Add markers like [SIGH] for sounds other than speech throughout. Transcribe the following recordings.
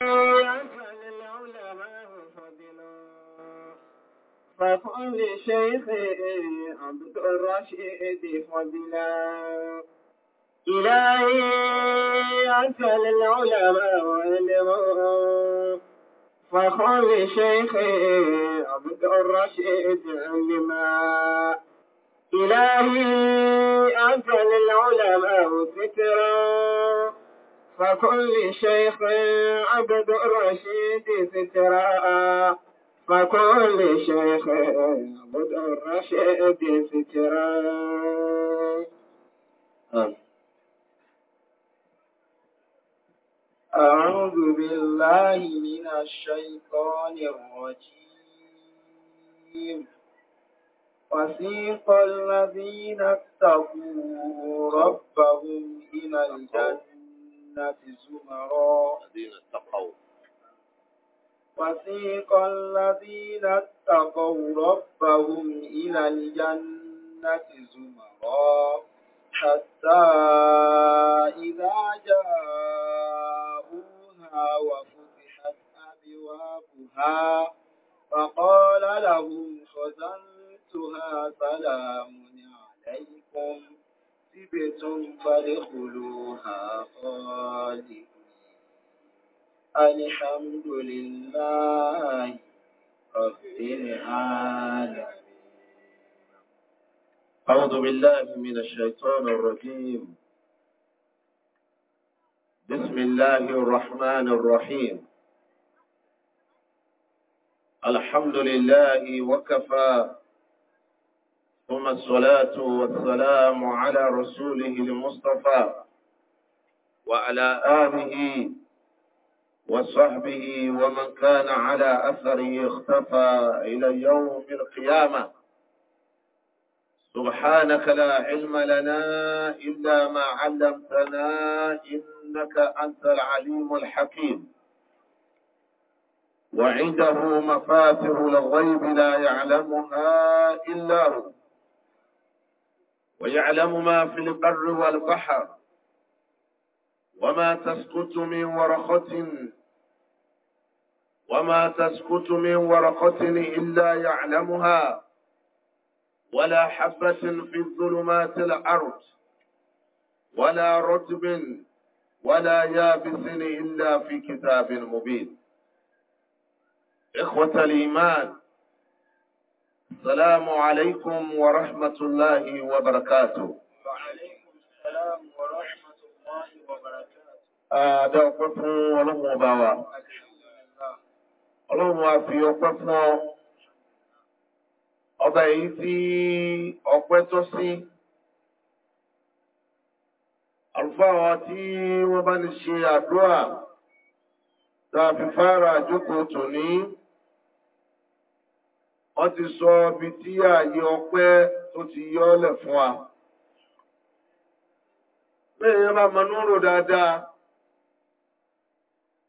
فللعلماء شيخي عبد الرشيد فضلا إلهي أنت للعلماء علما فكل شيخي عبد الرشيد علما إلهي أنت للعلماء فكرا فكل شيخ عبد الرشيد ستراء فكل شيخ عبد الرشيد ستراء أعوذ بالله من الشيطان الرجيم وسيق الذين اتقوا ربهم إلى الجنة الجنة زمرا الذين اتقوا وسيق الذين اتقوا ربهم إلى الجنة زمرا حتى إذا جاءوها وفتحت أبوابها فقال لهم خزنتها سلام عليكم سبتم فادخلوها خالدين الحمد لله رب العالمين أعوذ بالله من الشيطان الرجيم بسم الله الرحمن الرحيم الحمد لله وكفى ثم الصلاة والسلام على رسوله المصطفى وعلى آله وصحبه ومن كان على أثره اختفى إلى يوم القيامة سبحانك لا علم لنا إلا ما علمتنا إنك أنت العليم الحكيم وعنده مفاتر الغيب لا يعلمها إلا هو ويعلم ما في البر والبحر وما تسكت من ورقة وما تسكت من ورقة إلا يعلمها ولا حبة في الظلمات الأرض ولا رتب ولا يابس إلا في كتاب مبين إخوة الإيمان السلام عليكم ورحمة الله وبركاته وعليكم السلام ورحمة الله وبركاته Adá ọpẹ́ fún ọlọ́run ọba wa. Ọlọ́run a fi ọpẹ́ fún ọ. Ọba èyí tí ọpẹ́ tọ́ sí. Àlùfáà wa tí wọ́n bá lè ṣe àdúrà. Tá a fi fara àjókòó tòní. ọ ti sọ ibi tí ààyè ọpẹ́ tó ti yọ fún wa. Bẹ́ẹ̀ bá mọ dáadáa,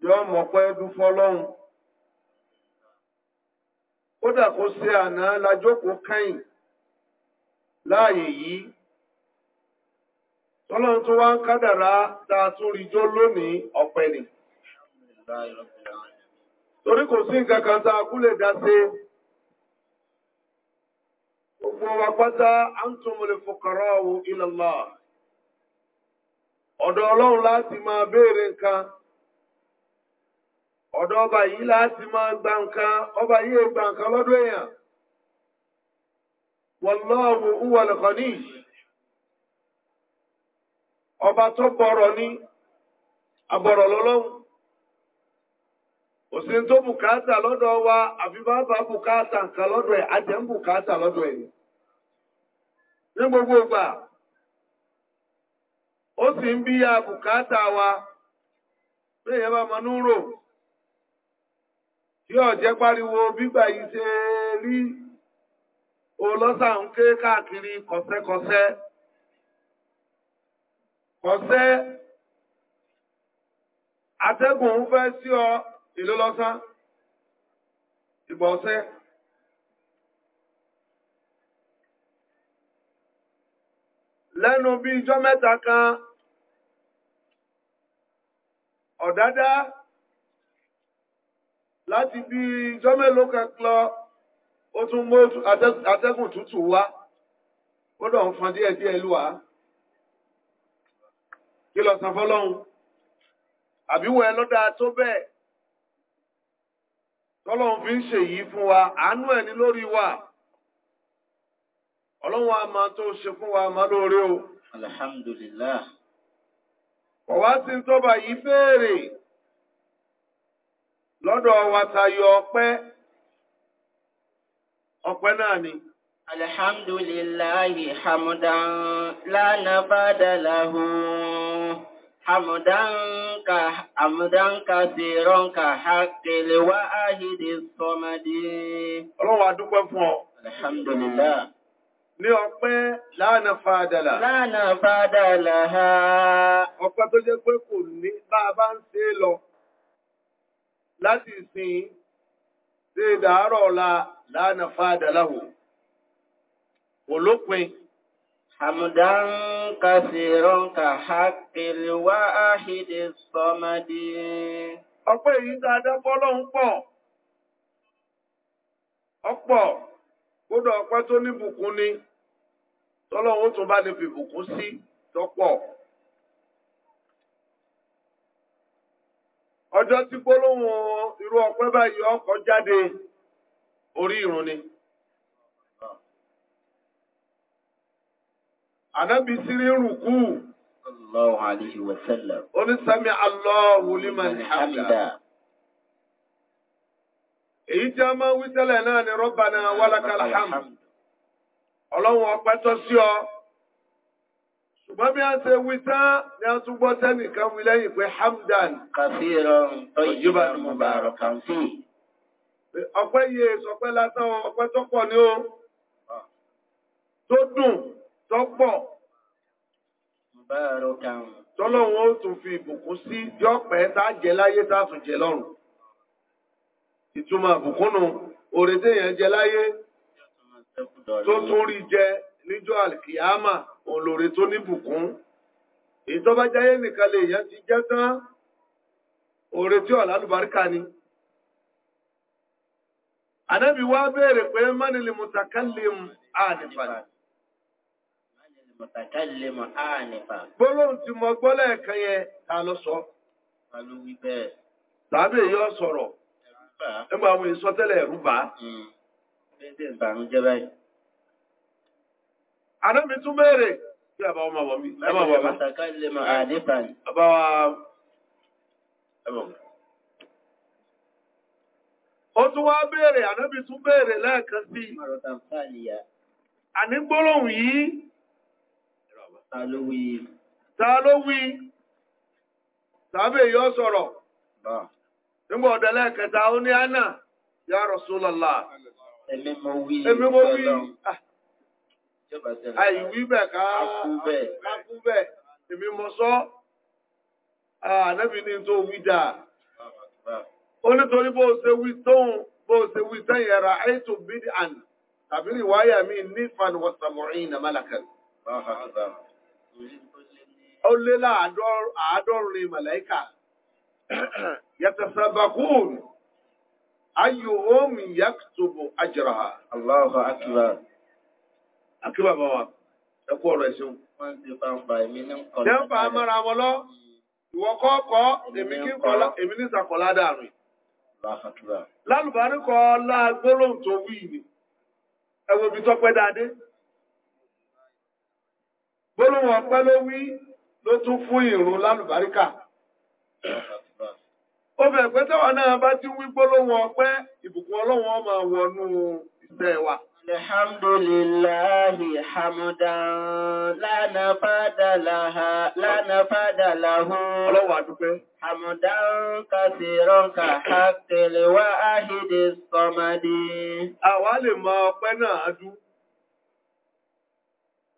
yọ mọ̀ pé dúfọ́ lọ́hùn. Kódà kó ṣe àná lajókòó kẹ́yìn láàyè yìí. Tọ́lọ́run tó wá ń kádàrá dáa tún rí jó lónìí ọ̀pẹ Torí kò gbogbo wa pátá antumul fuqara'u ila Allah ọ̀dọ̀ ọlọ́run láti máa béèrè nǹkan ọ̀dọ̀ ọba yìí láti máa gba nǹkan ọba yìí gba nǹkan lọ́dọ̀ èèyàn wallahu huwal ni. ọba tó bọrọ ní abọ̀rọ̀ lọ́lọ́run òsìn tó bùkátà wa àfi bá bá nǹkan lọ́dọ̀ ẹ̀ àjẹ́ ń bùkátà lọ́dọ̀ gbogbo ìgbà ó sì ń bí ya bùkátà wa pé èèyàn bá mọnú rò tí ọ̀jẹ́ pariwo bígbà yìí ṣe rí olọ́sà ń ké káàkiri kọ̀sẹ́kọ̀sẹ́ kọ̀sẹ́ atẹ́gùn ń fẹ́ sí ọ ìlú lọ́sán ìgbọ̀nsẹ́. lẹ́nu bí ijọ́ mẹ́ta kan ọ̀dádá láti bí ijọ́ mélòó kan lọ ó tún mú atẹ́gùn tútù wá ó dọ̀ ń fan díẹ̀ díẹ̀ lúwa kí lọ san fọ́lọ́hun àbíwọ̀ ẹ lọ́dá tó bẹ́ẹ̀ tọ́lọ́hun fi ń ṣèyí fún wa àánú ẹni lórí wa ọlọ́run a máa tó ṣe fún wa máa lóore o. alhamdulillah. ọ̀wá tí ń tọ́ba yìí béèrè lọ́dọ̀ wa tayọ ọpẹ́ ọpẹ́ náà ni. alhamdulillahi hamdan la nabada lahu hamdan ka hamdan kathiran ka haqqil wa'hidi samadi. ọlọ́run a dúpẹ́ fún ọ. alhamdulillah. ní ọpẹ́ láàánà fàádàlà. fàádàlà ha. Ọpẹ́ tó jẹ́ pé kò ní bá bá ń ṣe lọ láti sìn ṣe dàárọ̀ la láàánà fàádàlà hù. Olópin. ha kèrè wá áhìdè sọmọdé. Ọpẹ́ yìí dáadáa fọ́lọ́hún pọ̀. Ọpọ̀, kódà ọpẹ́ tó ní ni. tọ́lọ́hún tún bá lè fi sí tọ́pọ̀. ọjọ́ tí gbólóhùn irú ọpẹ́ báyìí ọkọ̀ jáde orí irun ni. Ànábì sírí rùkú. Allahu alayhi wa sami Èyí tí a máa ń wí tẹ́lẹ̀ náà ni ọlọ́run ọpẹ́ tọ́ sí ọ ṣùgbọ́n bí a ṣe wí tán ni a tún gbọ́ tẹ́nìkan wí lẹ́yìn pé hamdan kathiran tayyiban mubarakan fi ọpẹ́ yìí sọpẹ́ látàn ọpẹ́ tó pọ̀ ní o tó dùn tó pọ̀ mubarakan tọ́lọ́run ó tún fi ìbùkún sí yọ̀pẹ́ tá a jẹ láyé tá a tún jẹ lọ́run ìtumọ̀ àbùkún nù òrètè yẹn jẹ láyé tó tún rí jẹ níjọ́ àlìkìyàmà olóore tó níbùkún ìtọ́ba jáyé nìkan lè yẹn ti jẹ́ tán òre tí ọ̀là lùbáríkà ni. Ànábì wá béèrè pé mani lè mutakallim ànífà. Mutakallim ànífà. Gbólóhùn tí mo gbọ́ lẹ́ẹ̀kan yẹn ta ló sọ. Ta ló wí bẹ́ẹ̀. Tàbí èyí ọ̀ sọ̀rọ̀. Ẹ̀rú àwọn èso tẹ́lẹ̀ ẹ̀rú bá. Anábì tún bèèrè bí àbá ọmọ bọ̀ mí. Ẹmọ bọ̀ mí. Àbá wa ẹmọ. Ó tún wá bèèrè, anábì tún bèèrè lẹ́ẹ̀kan sí. Àní gbólóhùn yìí. Ta ló wí? Ta ló wí? sọ̀rọ̀. Nígbà ọ̀dẹ̀lẹ́kẹta, ó ní ya Rasulallah. Èmi mo wí. Èmi mo wí. Ah. Àìwí bẹ̀ ká kú bẹ̀. Èmi mo sọ. Ah, Ànábì ní tó wí dà. Ó nítorí bó ṣe wí tóun bó ṣe wí sẹ́yìn ẹ̀rà àìtò bídì àn tàbí ìwáyà mi ní fanwọ̀ sàmùrìn ìnà málàkàn. Ó lé láàádọ́rin màláìkà. [CLEARS THROAT] Yàtọ̀ sàbàkúùn ayuhum yaktubu ajraha. Allahu akbar. Akíbà bá wa, ẹ kú ọ̀rọ̀ ẹ̀sìn. Wọ́n ti bá ń ba èmi ní kọ́. Dẹ́nfà amára wọn lọ, ìwọ kọ́ kọ́, èmi kí kọ́, èmi ní sàkọ́lá dànù. Allahu akbar. Lálùbáríkọ tó wí ni, ẹ wo tọ́pẹ́ dáadé. Gbólóhùn ọpẹ́ ló wí ló tún fún ìrun lálùbáríkà. ó fẹ́ pé táwọn náà bá ti wí gbólóhùn ìbùkún ọmọ wọnú iṣẹ́ wa. Alhamdulillahi hamdan lana fadalaha lana fadalahu. Ọlọ́run àdúpẹ́. Hamdan kasiran ka hakele wa ahidi sọmadi. Àwa lè mọ ọpẹ́ náà adú.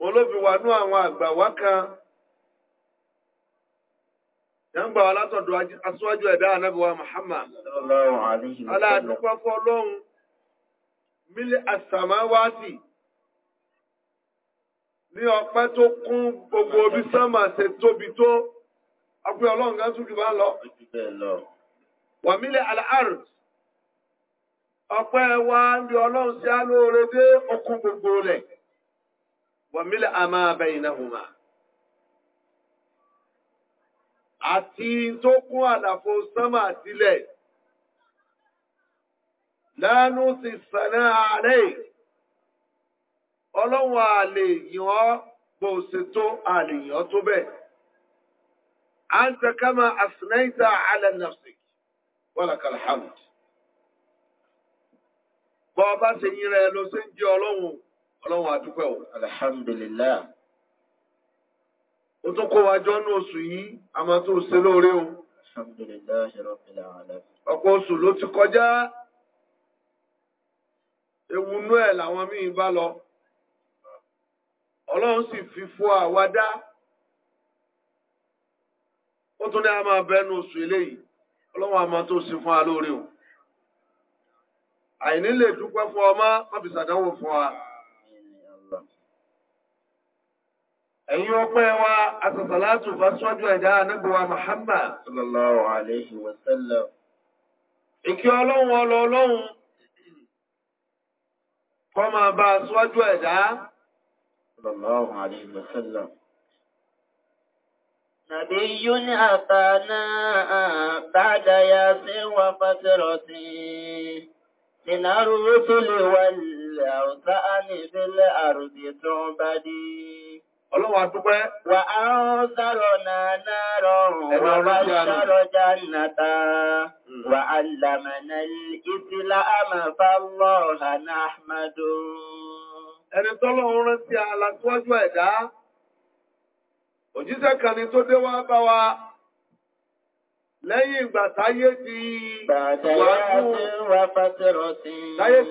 Olófin wa àwọn àgbà wá kan. Yàngbà wa látọ̀dọ̀ aṣíwájú ẹ̀dá ànábìwá Muhammad. Aláàdúpá fọ́ lọ́hun mílí àsàmáwátì ní ọpẹ tó kún gbogbo obi ṣe tóbi tó. Ọpẹ́ ọlọrun kan tún lọ. Wà mílí ọkpẹ wa ń ọlọrun sí á dé okun gbogbo Wà mílí àti tó kún àlàfo sánmà sílẹ̀. Lánú ti sànà ààrẹ ọlọ́wọ̀n àlè yàn bò ṣe àlè yàn tó A ń tẹ́kámà àsìnáìta alẹ́ nafsik, walakal hamd. Bọ́ bá ṣe yìnrẹ̀ lọ ń jẹ́ alhamdulillah. ó tún kó wa jọ ní oṣù yìí a máa tún ṣe lóore o. alhamdulillahi rabbil alamin. ọ̀pọ̀ oṣù ló ti kọjá ewu inú ẹ̀ làwọn míì bá lọ ọlọ́run sì fi fún àwa dá ó tún ní a máa bẹnu oṣù eléyìí ọlọ́run a tó ṣe fún wa lóore o àìní lè dúpẹ́ fún ọmọ má fi fún wa. ẹ̀yin ọpẹ́ wa asọ̀sọ̀látù fásọ́jú ẹ̀dá anábíwa Muhammad sallallahu alaihi wa sallam ìkí ọlọ́run ọlọ́run kọ́ máa bá aṣọ́jú ẹ̀dá sallallahu alaihi wa sallam نبي أتانا بعد ياسر وفترة من الرسل والأوثان في الأرض تعبدين Ọlọ́wà àdúpẹ́. Wà á sọ̀rọ̀ náà náàrọ̀ Wà á Ẹni tọ́lọ́run rántí alásíwájú ẹ̀dá. Òjíṣẹ́ kan ni tó dé wá bá wa lẹ́yìn ìgbà táyé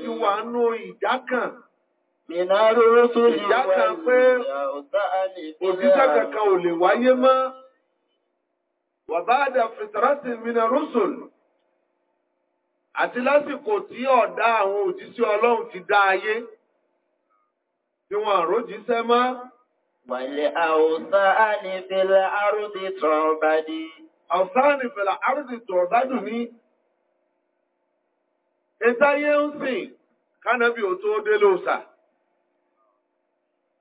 ti wà nù ìdákàn. Ìyá kan pé òṣìṣẹ́ kankan ò lè wáyé mọ́. Wàbáàdà fìtàrátì mìíràn rúsùn. Àti lásìkò tí ọ̀dá àwọn òjíṣẹ́ Ọlọ́run ti dá ayé, tí wọ́n àrójíṣẹ́ mọ́. Wàlẹ̀ àwòsá ní fẹ́lẹ̀ àrùdì tọ̀ọ̀bádì. Àwòsá ní fẹ́lẹ̀ àrùdì ń sìn, kánábì ò tó délé òsà.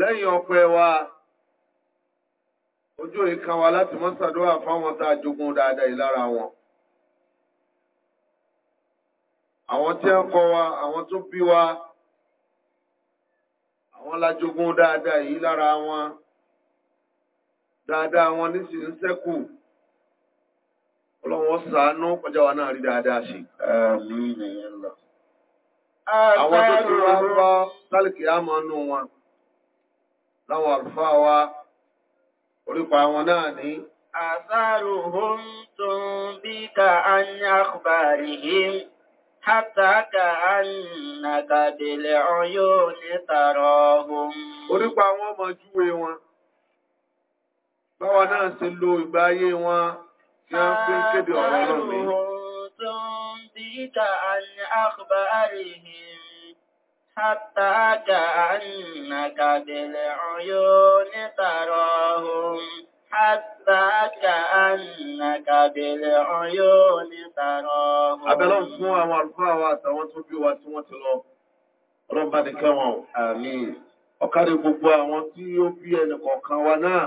lẹ́yìn ọpẹ́ wa ojú ìkan wa láti mọ́ ṣàdúrà fáwọn tá a jogún dáadáa yìí lára wọn. àwọn tí ń kọ́ wa àwọn tó bí wa àwọn la jogún dáadáa yìí lára wọn dáadáa wọn nísìnyí ń ṣẹ́kù ọlọ́wọ́n sàánú kọjá wa náà rí dáadáa ṣe. àmín. àwọn tó ti wá ń bá sálìkì àmọ́ nù wọn. láwọn àlùfáà wa orípa àwọn náà ní. Àsáàrùhún tó ń bí ka a ń àkùbàrìhìn, hátà ka a ń nàgàbèlè ọyọ́ nítàrọ ohun. Orípa àwọn ọmọ júwe wọn, báwa náà ti lo ìgbà wọn tí a ń fi kéde ọ̀rọ̀ náà حتى كأنك بالعيون تراهم حتى كأنك بالعيون تراهم أبلغ سوى والفاوة وتبي وتمتلو ربنا كمان آمين ọ̀kadì gbogbo àwọn tí ó bí ẹnì kọ̀ọ̀kan wa náà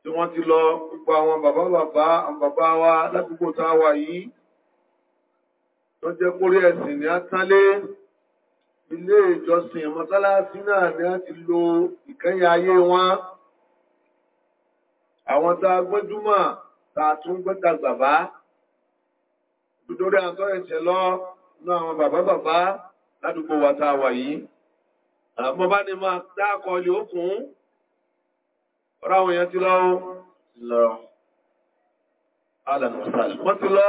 tí wọ́n ti lọ gbogbo àwọn bàbá bàbá àwọn bàbá wa ládùúgbò tá a wà yìí tó jẹ́ kórí ẹ̀sìn ní átálé ilé ìjọsìn mọ́sálásí náà ni a ti lo ìkẹyà ayé wọn àwọn tá a gbọ́júmọ̀ tá a tún gbẹ́ta bàbá nítorí àtọ́ ẹ̀ṣẹ̀ lọ ní àwọn bàbá bàbá ládùúgbò wa tá a wà yìí àmọ́ bá ní máa dákọ̀ ilé òkun ọ̀rọ̀ àwọn èèyàn ti lọ ó ti lọ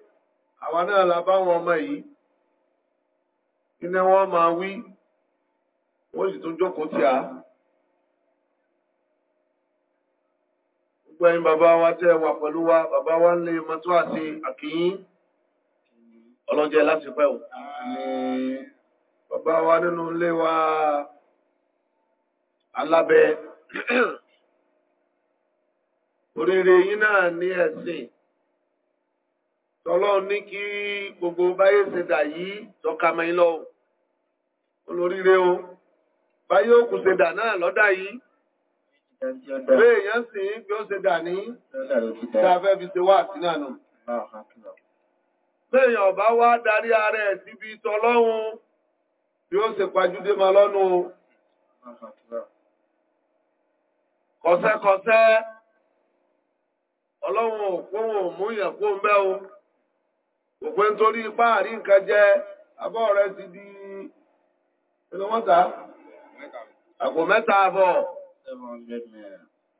àwa náà la bá wọn ọmọ yìí iná wọn máa wí wọ́n sì tún jókòó tí a gbogbo ẹ̀yin bàbá wa tẹ́ wà pẹ̀lú wa bàbá wa lè mọ́tò àti àkíyín ọlọ́jẹ́ láti pẹ́ o bàbá wa nínú ilé wa alábẹ́ oríire yín náà ní ẹ̀sìn tọ́lọ́run ní kí gbogbo báyé ṣe dà yìí tọ́ka mẹ́yìn lọ olóríire o báyé òkú ṣe dà náà lọ́dà yìí bí èèyàn sì ń bí ó ṣe dà ní ṣàfẹ́ fi ṣe wá àti náà nù. Béèyàn ọ̀bá wá darí ara ẹ̀ síbi tọ́lọ́run bí ó ṣe pajúdé máa lọ́nu o. Kọ̀sẹ́kọ̀sẹ́ ọlọ́run òkú òmúyàn kó ń bẹ́ o òpin nítorí ipá àrí nǹkan jẹ abọ́ rẹ ti di ẹnu mọ́ta àpò mẹ́ta àbọ̀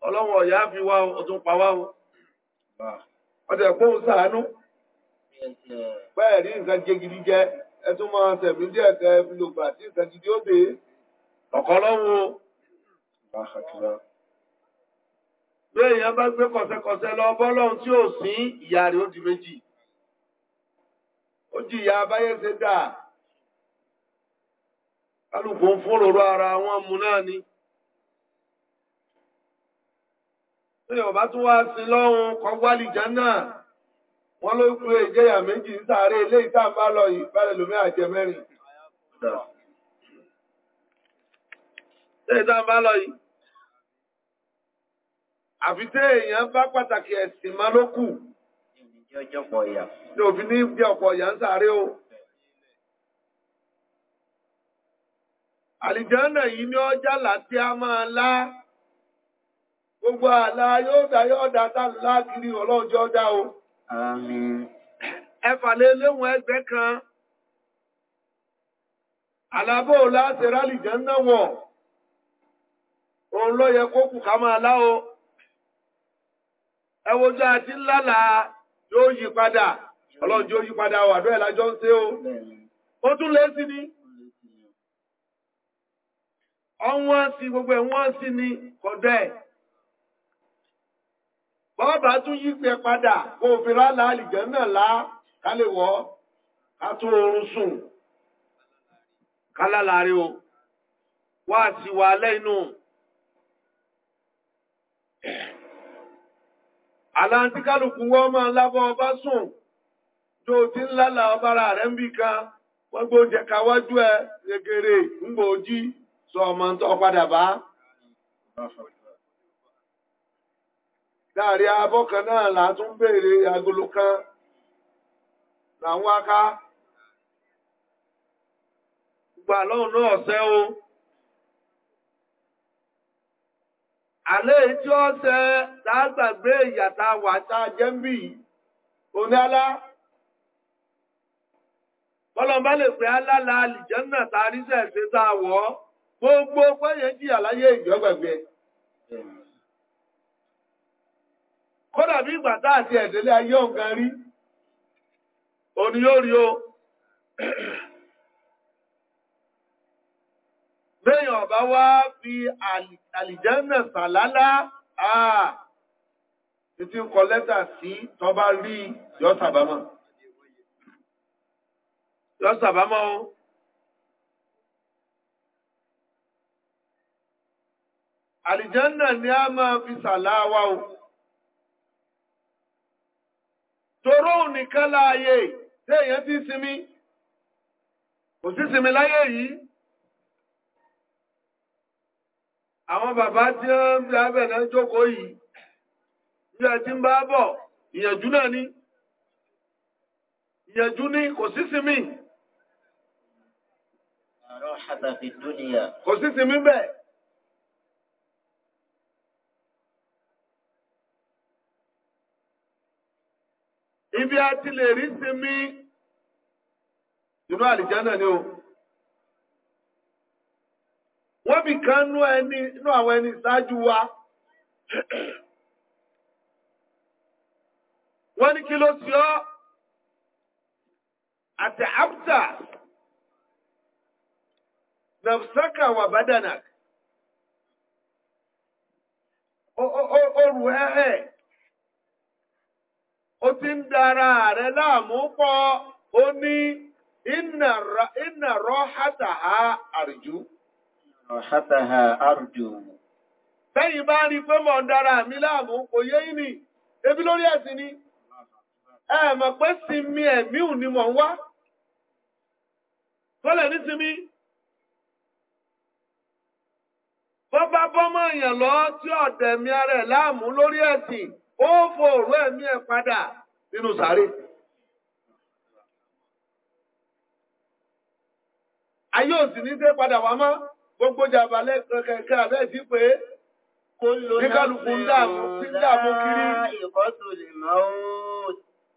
ọlọ́wọ́ ọ̀yá fi wá o tún pa wá o ọdẹ kóhun sàánú bẹ́ẹ̀ rí nǹkan jẹ gidi jẹ ẹ tún máa tẹ̀mí díẹ̀ kẹ fi lò gbà tí nǹkan gidi ó dé ọ̀kọ́ lọ́wọ́ bí èèyàn bá gbé kọ̀sẹ̀kọ̀sẹ̀ lọ bọ́lọ́hun tí ò sí ìyá rẹ̀ ó di méjì ó jìyà abáyé ṣe dà kálukú ń fún òróró ara wọn mu náà ni tóyẹ̀ ọ̀bá tún wá sí lọ́hùn kọ́gbálì jánà wọ́n ló pé ìjẹyà méjì ń sáré ilé ìtàǹbá lọ yìí bẹ́rẹ̀ lómi àjẹ mẹ́rin ìtàǹbá lọ yìí àfi tẹ́ èèyàn bá pàtàkì ẹ̀sìn má ló kù ní òfin ní jẹ́ ọ̀pọ̀ ọ̀yà ń o yìí ní ọjà láti a máa lá gbogbo àlá yóò dá yóò dá tàbí láàkiri ọlọ́jọ́ ọjà o àmín ẹfàlẹ́ léwọ̀n ẹgbẹ́ kan alábò láti rálìjánà wọ̀ òun yẹ kó kù ká máa lá o àti ńlá làá yóò yí padà ọlọ́run tí ó yí padà wà bẹ́ẹ̀ lájọ́ ń ṣe o ó tún lé sí ni ọwọ́n sí gbogbo ẹ̀wọ́n sí ni kọ̀dọ̀ ẹ̀ bọ́ọ̀bà tún yí pẹ padà kó òfin rálá àlìjẹ́ náà lá kálẹ̀wọ́ ká tún oorun sùn kálálàrí o wá sí wa lẹ́nu. àlántí kálukú wọ́n máa lábọ́ ọba sùn tó ti ń lálà ọbára rẹ̀ ń bì kan wọ́n gbé oúnjẹ káwájú ẹ gègèrè ńgbò ojí sọ ọmọ tó padà bá. Láàrin abọ́ kan náà là tún béèrè agolo kan làwọn aká. Gbà lọ́hùn náà ọ̀sẹ́ àlẹ́ ètí ọ̀sẹ̀ lágbàgbé ìyàtà wàtà jẹ́mbì oníálá bọ́lọ̀mbá lè pẹ́ alála àlìjẹ́nà gbogbo pẹ́yẹn jìyà láyé ìjọgbẹ̀gbẹ̀ kódà bí ìgbà ayé rí Bẹ́yàn ọba wá fi àlìjẹ́nà sàlálá àà títí ń kọ lẹ́tà sí tọba rí yọ́sàbámọ́. Yọ́sàbámọ́ o. Àlìjẹ́nà ni a máa fi sàláwá o. Toró nìkan láàyè tí èèyàn ti sinmi, kò sí sinmi láyé yìí. àwọn bàbá tí wọ́n ń bẹ abẹ́ náà jókòó yìí bí ẹ ti ń bá bọ̀ ìyànjú náà ni ìyànjú ní kò sí sinmi. kò sí bẹ́ẹ̀. ibi a ti lè rí sinmi inú àlìjá náà ni o wọ́n bì kan nú ẹni nú àwọn ẹni ìsáájú wa wọ́n ní kí ló sí ọ́ àti àbúta nàfsákà wà bádànàk orù ẹ̀ẹ́ ó ti ń dára rẹ̀ láàmú pọ̀ ó ní ìnà rọ́hátà àrìjú. ọ̀ṣátàhà bá rí pé mọ̀ dára mi láàmú kò yé yín ebi lórí ẹ̀sìn ni. Ẹ mọ̀ pé ẹ̀mí ní mọ̀ wá. Tọ́lẹ̀ ní èèyàn lọ tí ọ̀dẹ̀ mi láàmú lórí ẹ̀sìn, ó fò ẹ̀mí ẹ̀ padà nínú Ayé òsì ní dé padà wá mọ́. Gbogbo jàmbá lẹ́ẹ̀kan kẹ̀kẹ́ abẹ́ ti pé ní kálukú ń dààmú sí ń dààmú kiri. Ìkọ́sù lè máa ó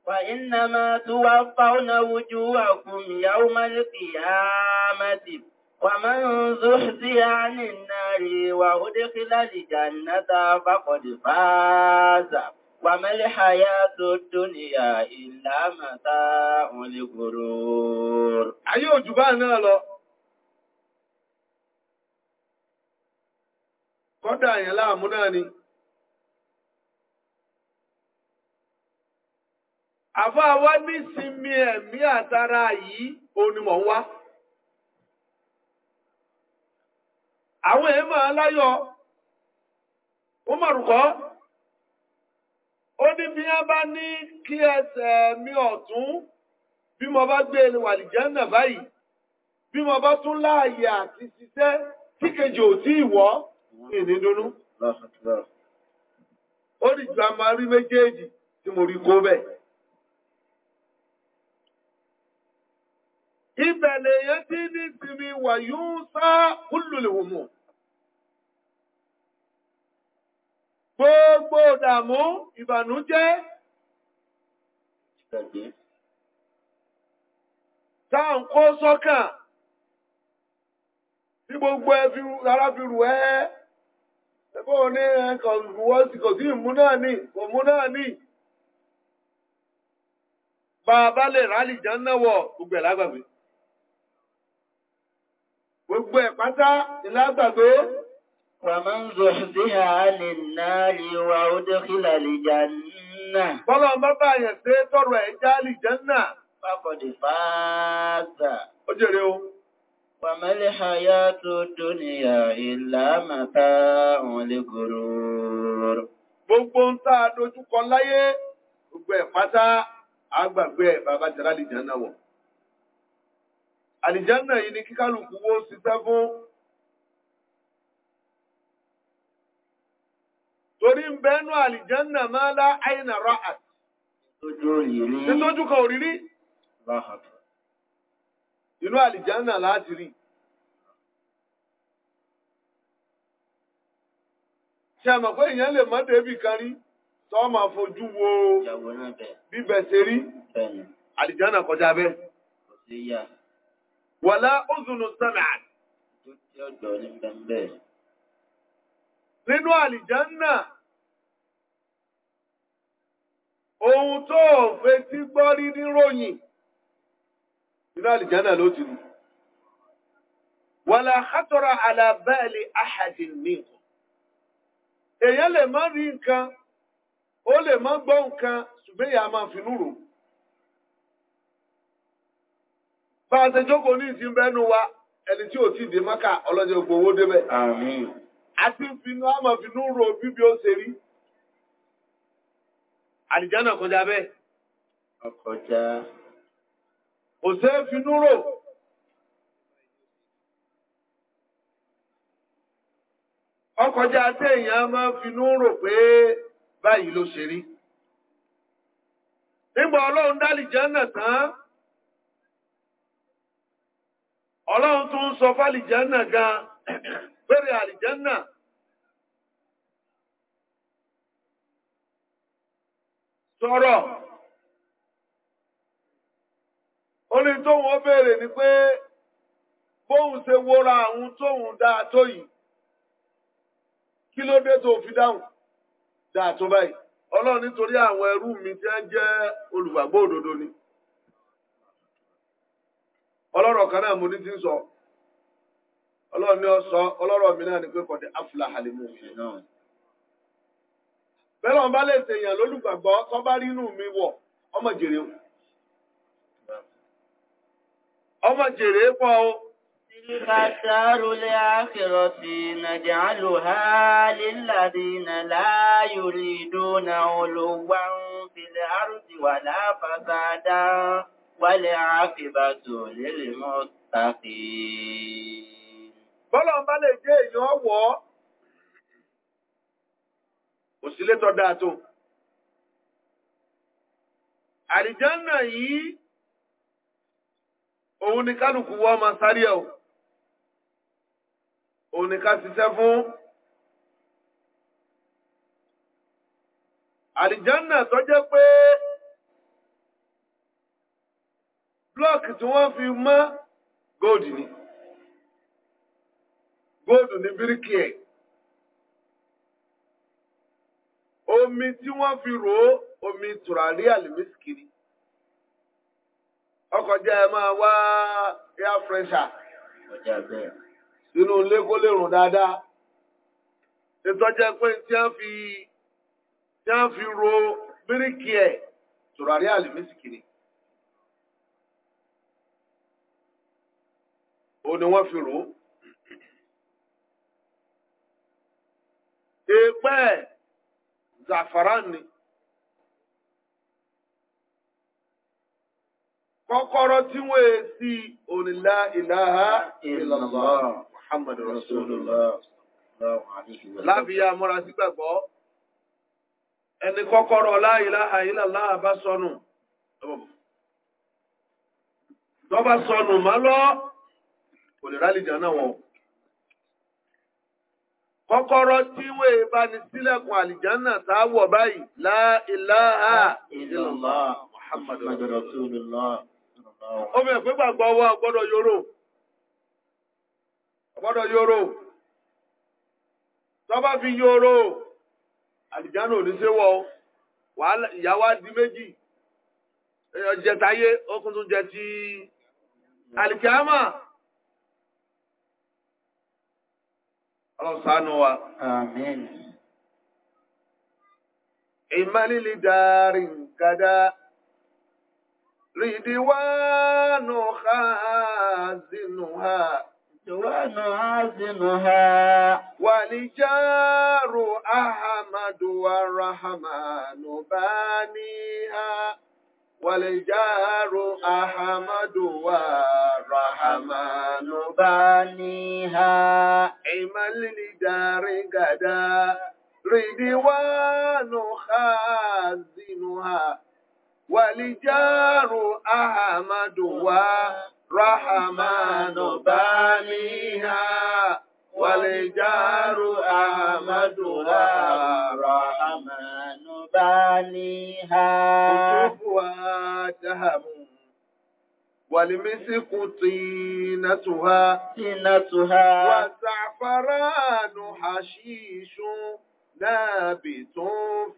wà iná máa tún wá fáúnà ojú àkùn ìyàwó máa lè fi àmàtì. Wà máa ń zó sí àánì náà rí wà ó dé kí lálìjà náà fàkọ̀dì fáàzà. وما الحياة الدنيا إلا متاع الغرور. Ayé òjò náà lọ. kọ́dà yẹn láàmú náà ni. àfa wa ní sinmi ẹ̀mí àtara yìí onímọ̀ wá. àwọn èèyàn máa láyọ̀ wọ́n mọ̀ rúkọ́. ó ní bí wọ́n bá ní kí ẹsẹ̀ mi ọ̀tún bí mo bá gbé wàlìjẹ́ e náà báyìí bí mo bá tún láàyè àti ṣiṣẹ́ tí kejì ò tí ì wọ́ ìní dúnú. Ó di ìgbà máa rí méjèèjì tí mo rí kó bẹ̀. Ibẹ̀ lèyàn tí ní sinmi wà sá kúlùlùwòmù. Gbogbo ìdààmú ìbànújẹ́. Táà ń kó sọ́kàn tí gbogbo ẹ rárá fi rù ẹ́ ẹ̀fọ́ ní kọ̀wọ́sì kò sí ìmú náà ní kò mú náà ní. bá a bá lè rálì jẹ́ náwọ̀ gbogbo ẹ̀ lágbàgbé. gbogbo ẹ̀ pátá ìlágbàgbé. Wàmán zọ̀ṣìdíhà lè náàrí wa ó dẹ́kìlà lè jà náà. Bọ́lá ọmọ bá yẹ̀ sí tọrọ ẹ̀ já lè jẹ́ náà. Fákọ̀dì fáàtà. Ó jèrè o. وما الحياة إِلَّا مَتَاعٌ متاع الغرور gbogbo ń tá a dojúkọ láyé gbogbo ẹ̀ pátá àgbàgbé ẹ̀ bàbá jẹ́ àlìjánà wọ̀. àlìjánà yìí ni kíkálùkù wó ṣiṣẹ́ fún torí ń bẹ́ẹ̀nú àlìjánà máa lá àìnà ra'at nítojú kan òrírí inú àlìjánà láti rí. ṣe àmọ̀ pé èèyàn lè mọ́ débì kan rí tó máa fojú wo bíbẹ̀ ṣe rí àlìjánà kọjá bẹ́ẹ̀. wàlá òzùnù sàmìàn. nínú àlìjánà ohun tó tí gbọ́ rí ní ròyìn inú àlìjánà ló ti rí wàlá àtọ́rọ alábẹ́ẹ̀lì àhàdì nìkan èèyàn lè má rí nǹkan ó lè má gbọ́ nǹkan ṣùgbọ́n èèyàn máa fi núrò bá a ṣe jókòó ní ìsìn bẹ́nu wa ẹni tí ò tí ì dé mọ́kà ọlọ́jọ́ gbogbo owó débẹ̀ àti finú a máa fi núrò bíbí ó ṣe rí àlìjánà kọjá bẹ́ẹ̀ ọkọjá kò sí finú rò ọkọjá tí èèyàn máa fi rò pé báyìí ló ṣe rí nígbà ọlọ́run dálìjẹ́ náà tán ọlọ́run tún sọ fálìjẹ́ náà gan [CLEARS THROAT] péré àlìjẹ́ náà sọ̀rọ̀ ó ní tóun ó béèrè ni pé bóun ṣe wóra àwọn tóun dáa tó yìí kí ló dé tó fi dáhùn dáa tó báyìí ọlọ́run nítorí àwọn ẹrú mi tí wọ́n jẹ́ olùgbàgbọ́ òdodo ni ọlọ́rọ̀ kan náà mo ní ti ń sọ ọlọ́run ni mi náà ni pé kọ̀dé halimu mi náà bẹ́ẹ̀ lọ́n bá lè ṣèyàn lólùgbàgbọ́ tó bá rí inú mi wọ̀ ọmọ ọmọ jèrè pọ̀ o. Tilka darul akhirati naj'aluha lilladhina la yuriduna uluwan fil ardi wala fasadan wal aqibatu lil muttaqin. Bọ́lọ̀ bá jẹ́ èèyàn wọ́, òsìlétọ́ dáa tó. Àlìjánà yìí òun ni kálukú wọ́n máa sáré ẹ̀ o òun ni ká ṣiṣẹ́ fún àlìjánà tó jẹ́ pé blọ́ọ̀kì tí wọ́n fi mọ́ góòdù ni góòdù ni bíríkì ẹ̀ omi tí wọ́n fi rò ó omi tùràrí àlìmísìkì ọkọjá ẹ máa wá air fresher sínú ilé kó lè rùn dáadáa ìtọ́jẹ́ pé tí wọ́n fi tí wọ́n fi ro bíríkì ẹ̀ tòràrí àlùmísìkì ni ó ní wọ́n fi rò ó. èèpẹ̀ zafaran ni. kọkọrọ tí wọ́n è e sí ìlàhà illallah muhammad rasulullah lábíyá múra sí ẹni la ilaha bá sọnù sọnù má lọ lè jẹ́ náà wọn kọ́kọ́rọ́ tí wọ́n e bá ní sílẹ̀kùn àlìjánà táwọ̀ báyìí la ilaha Omi ẹ̀pẹ́ gbàgbọ́ ọwọ́ ọgbọ́dọ̀ yóró. Ọgbọ́dọ̀ yóró. Tọ́bá fi yóró. Àlìjánà oníṣẹ́wọ̀ ìyàwó di méjì. Ọjẹ́ táyé, ó kún tún jẹ ti àlìkíámà. Ọlọ́run wa. Ìmálìlì رضوان خازنها رضوان خازنها والجار أحمد والرحمن بانيها والجار أحمد والرحمن بانيها عمل لدار غدا رضوان خازنها wàlíjàrú ahamadu wa rahamanu baniha wàlíjàrú ahamadu wa rahamanu baniha. Òṣùfù wa dáhàmù. والمسك طينتها طينتها والزعفران حشيش نابت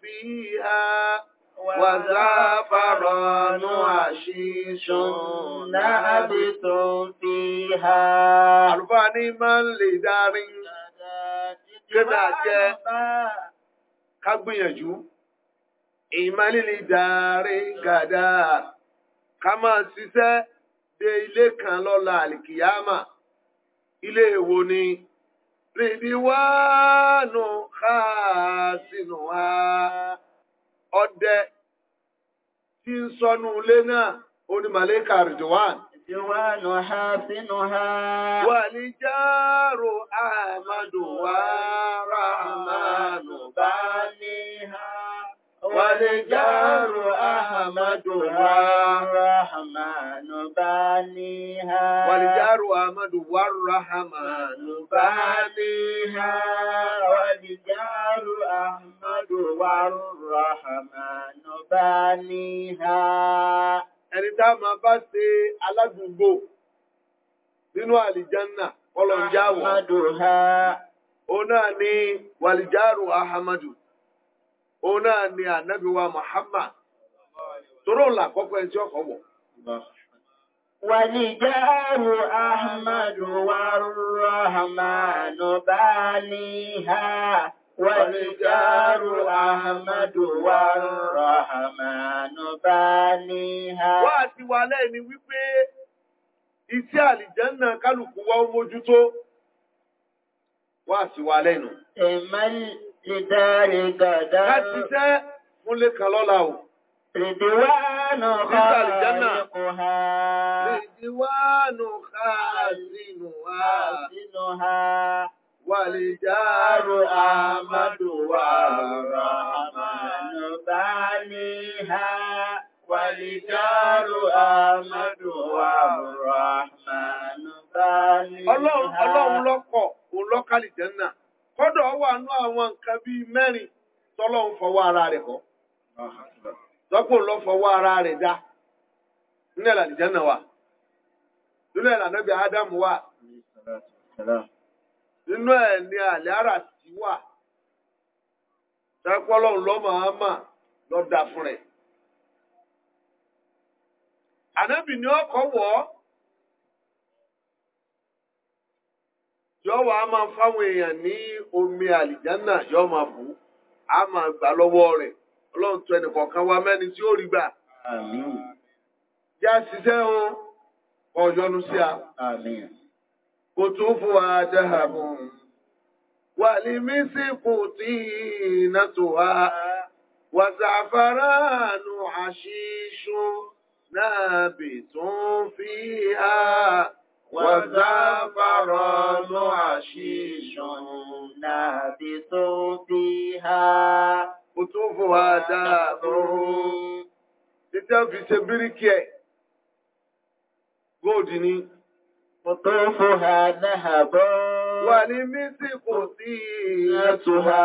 فيها وزعفران عشيش نابت فيها àlùfáà ní máa ń lè darí kébà jẹ́ ká gbìyànjú ìmọ̀lìlì darí gàdá ká máa ṣiṣẹ́ dé ilé kan lọ́la àlìkìyàmà ọdẹ tí ń sọnù ilé náà ó ní màlẹ́kà rìdíwán. Ìwánù ha sínú ha. Wà ní jáàrò Ahmadu wa Rahmanu báyìí. Walijaru Ahmadu والرحمن بانيها Ahmadu أحمد والرحمن بانيها والجار أحمد والرحمن بانيها ẹni tá a máa bá ṣe aládùúgbò nínú àlìjánà ọlọ́njáwọ̀. Ahmadu ha. ni Wàlìjáàrù Ahamadu. òun náà ni ànábì wa Muhammad toró ńlá àkọ́kọ́ ẹni tí ọkọ̀ ولجاه أحمد والرحمن بانيها ولجاه أحمد والرحمن بانيها. Wá àti wà lẹ́ni wípé iṣẹ́ àlìjẹ́nà kálukú wa Láti jẹ́ múlé kan lọ́la ò. Ridwanu khaliquna. Ridwanu khaliquna. Wàlìjáàrù Ahmadu wa Rahmanu Baniha. Wàlìjáàrù Ahmadu wa Rahmanu Baniha. Ọlọ́run lọ́kọ̀, òun lọ́kàlì jẹ́ náà. kọ́dọ̀ wà nú àwọn nǹkan bíi mẹ́rin tọ́lọ́hún fọwọ́ ara rẹ̀ kọ́ dọ́kùn lọ fọwọ́ ara rẹ̀ dá nílẹ̀ làdìjẹ́ náà wà nílẹ̀ lànàbí ádámù wà nínú ẹ̀ ní àlẹ́ ara wà sẹ́kọ́lọ́hún lọ́mọ lọ́dà fún rẹ̀ yọ wà á máa fáwọn èèyàn ní omi àlìjánà yọ máa bù ú á máa gbà lọ́wọ́ rẹ̀ ọlọ́run tó ẹnì kọ̀ọ̀kan wa mẹ́ni tí ó rí gbà. yá ṣiṣẹ́ wọn kọ́ yọnu sí a. kò tún fún wa dáhà wàlí mi sì kù tí iná tó wá. وزعفران حشيش نابت فيها وزعفران عشيش نابت فيها قطوفها دابر تتم في سبرك قودني قطوفها ذهب والمسك قطيعتها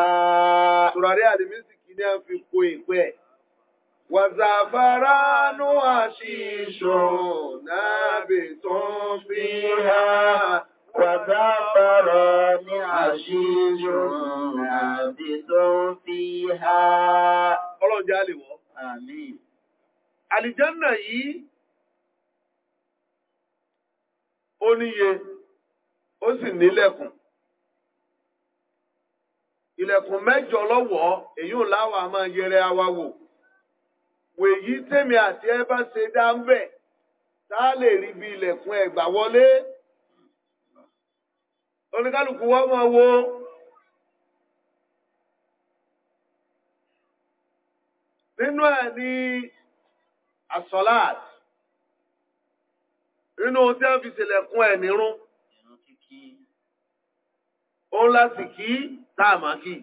تراري المسك ni a fi kó ìpẹ́ ẹ̀. وزعفران عشيش نابت فيها وزعفران عشيش نابت فيها ọlọ́run jẹ́ àlèwọ́. Àmín. Àlìjánà yìí, ó níye, ó sì nílẹ̀kùn. Ilẹ̀kùn mẹ́jọ lọ́wọ́, èyí ò láwà máa yẹrẹ awa wò wèyí tèmi àti ẹ bá ṣe dá ń bẹ̀ tá a lè rí bí ilẹ̀kùn ẹ̀gbà wọlé oníkálukú wọ́n máa wo nínú ẹ̀ ní asọ́láàt nínú tí a fi ṣèlẹ̀kùn ẹ̀ nírun òun láti kí táàmà kí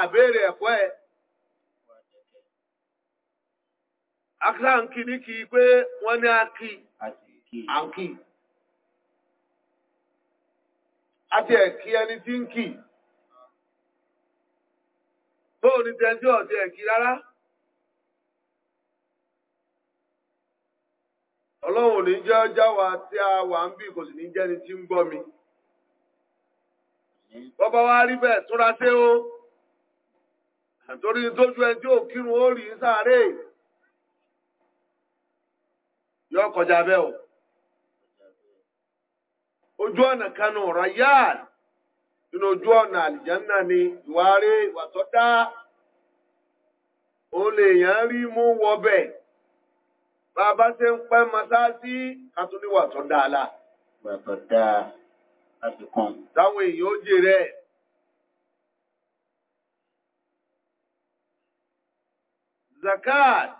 àbẹ̀rẹ̀ ẹ̀kọ́ ẹ̀. àkísàǹkì ní kìí pé wọ́n ní àkí àǹkì àti ẹ̀kí ẹni tí ń kì tó ní tẹ́jú ọ̀tí rárá ọlọ́run ní jẹ́ ọjá wa tí a wà ń bí kò sì ní jẹ́ni ti ń gbọ́ mi bọ́bá wá rí bẹ́ẹ̀ túnra sí ó torí tójú ẹjọ́ òkírun ó rí sáré. yóò kọjá bẹ́ẹ̀ o ojú ọ̀nà kanu royal nínú ojú ọ̀nà àlìjánná ni ìwárí ìwà tó o lè yàn rí mú wọbẹ̀ bá bá ṣe ń pẹ́ masáàsì tó dáa la. ìwà dáa láti kàn. táwọn èèyàn ó jèrè ẹ̀. zakat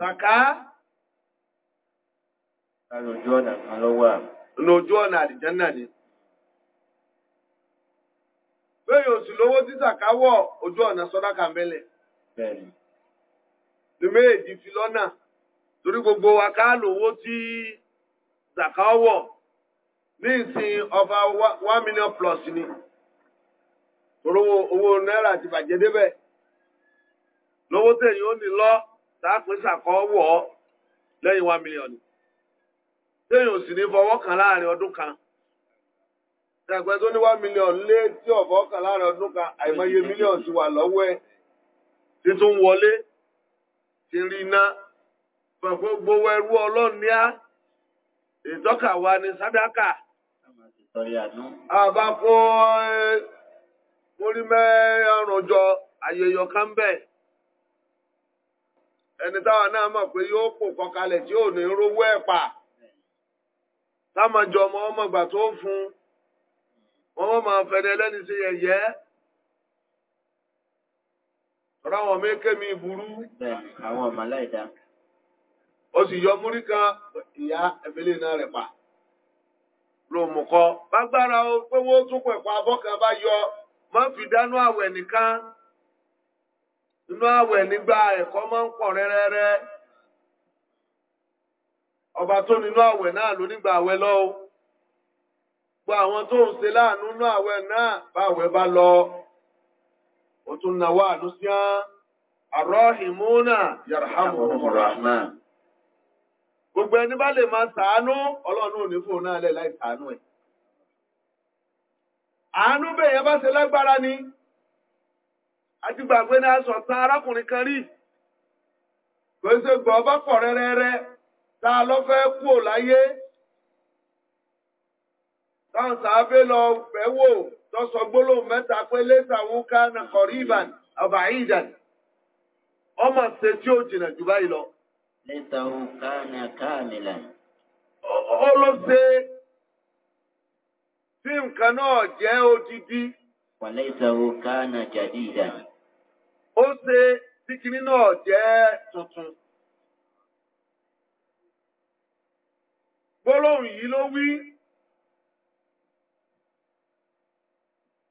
saka Lójú ọ̀nà àdìjánà ni. Bẹ́ẹ̀ oṣù lówó tí sàká wọ̀ ojú ọ̀nà sọ́dá kàmẹ́lẹ̀. Ní méjì fi lọ́nà torí gbogbo wa ká lówó tí saka wọ̀ ní ìsìn ọba one million plus ni. Torówó owó náírà ti bàjẹ́ débẹ̀. Lówó tẹ̀yìn ó ní tá a táàpé ṣàkọ́wọ́ lẹ́yìn one million téèyàn sì ní fọwọ́ kan láàrin ọdún kan ṣàpẹ́ tó ní one million lé tí ọ̀fọ́ kan láàrin ọdún kan àìmọye million ti wà lọ́wọ́ ẹ̀ tí tún wọlé ti rí iná pẹ̀pẹ́ gbowó ẹrú ọlọ́ọ̀níà ìtọ́ka wa ni sádákà àbá fún eh, orí mẹ́rin ọjọ́ àyẹyọ kan bẹ́ẹ̀. ẹni táwa náà mọ̀ pé yóò pò kọkalẹ̀ tí ò ní rówó ẹ̀pà támàjọ ọmọ ọmọ ìgbà tó fún wọn máa fẹ̀rẹ̀ lẹ́ni sí yẹ̀yẹ́ ráwọn mékèmí burú àwọn ọmọ aláìdá ó sì yọ múrí kan ìyá ẹ̀fẹ́lẹ́ náà rẹ̀ pa ló mú kọ́ pé wọ́n tún pẹ̀pọ̀ abọ́kan bá yọ fi àwẹ̀ nìkan. inú àwẹ̀ nígbà ẹ̀kọ́ máa ń pọ̀ rẹ́rẹ́rẹ́ ọba tó nínú àwẹ̀ náà ló nígbà àwẹ̀ lọ o gbọ́ àwọn tó ń ṣe láàánú inú àwẹ̀ náà bá àwẹ̀ bá lọ ó tún náwó àlùsíán àrọ́hìmúnà yarhamuhumur gbogbo ẹni bá lè máa ṣàánú ọlọ́run ò ní fún un náà lẹ̀ láì ẹ̀ bá ṣe lágbára ni. àti gbàgbé ní aṣọ ta arákùnrin kan rí gbèsè gbọ́ bá pọ̀ rẹ́rẹ́rẹ́ ta ló fẹ́ kú ò láyé táwọn sàábé lọ fẹ́ wò tọ́sọ gbólóhùn mẹ́ta pé lẹ́tà wọn ká na kọ̀rí ìbàn ọ̀bà ìdàn ọmọ ṣe tí ó jìnà jù báyìí lọ. lẹ́tà ká na káàmìlà. ó ló ṣe tí nǹkan náà jẹ́ odidi. wà lẹ́tà ká na jàdí ìdàn. ó ṣe tí kìíní náà jẹ́ tuntun. Gbólóhùn yìí ló wí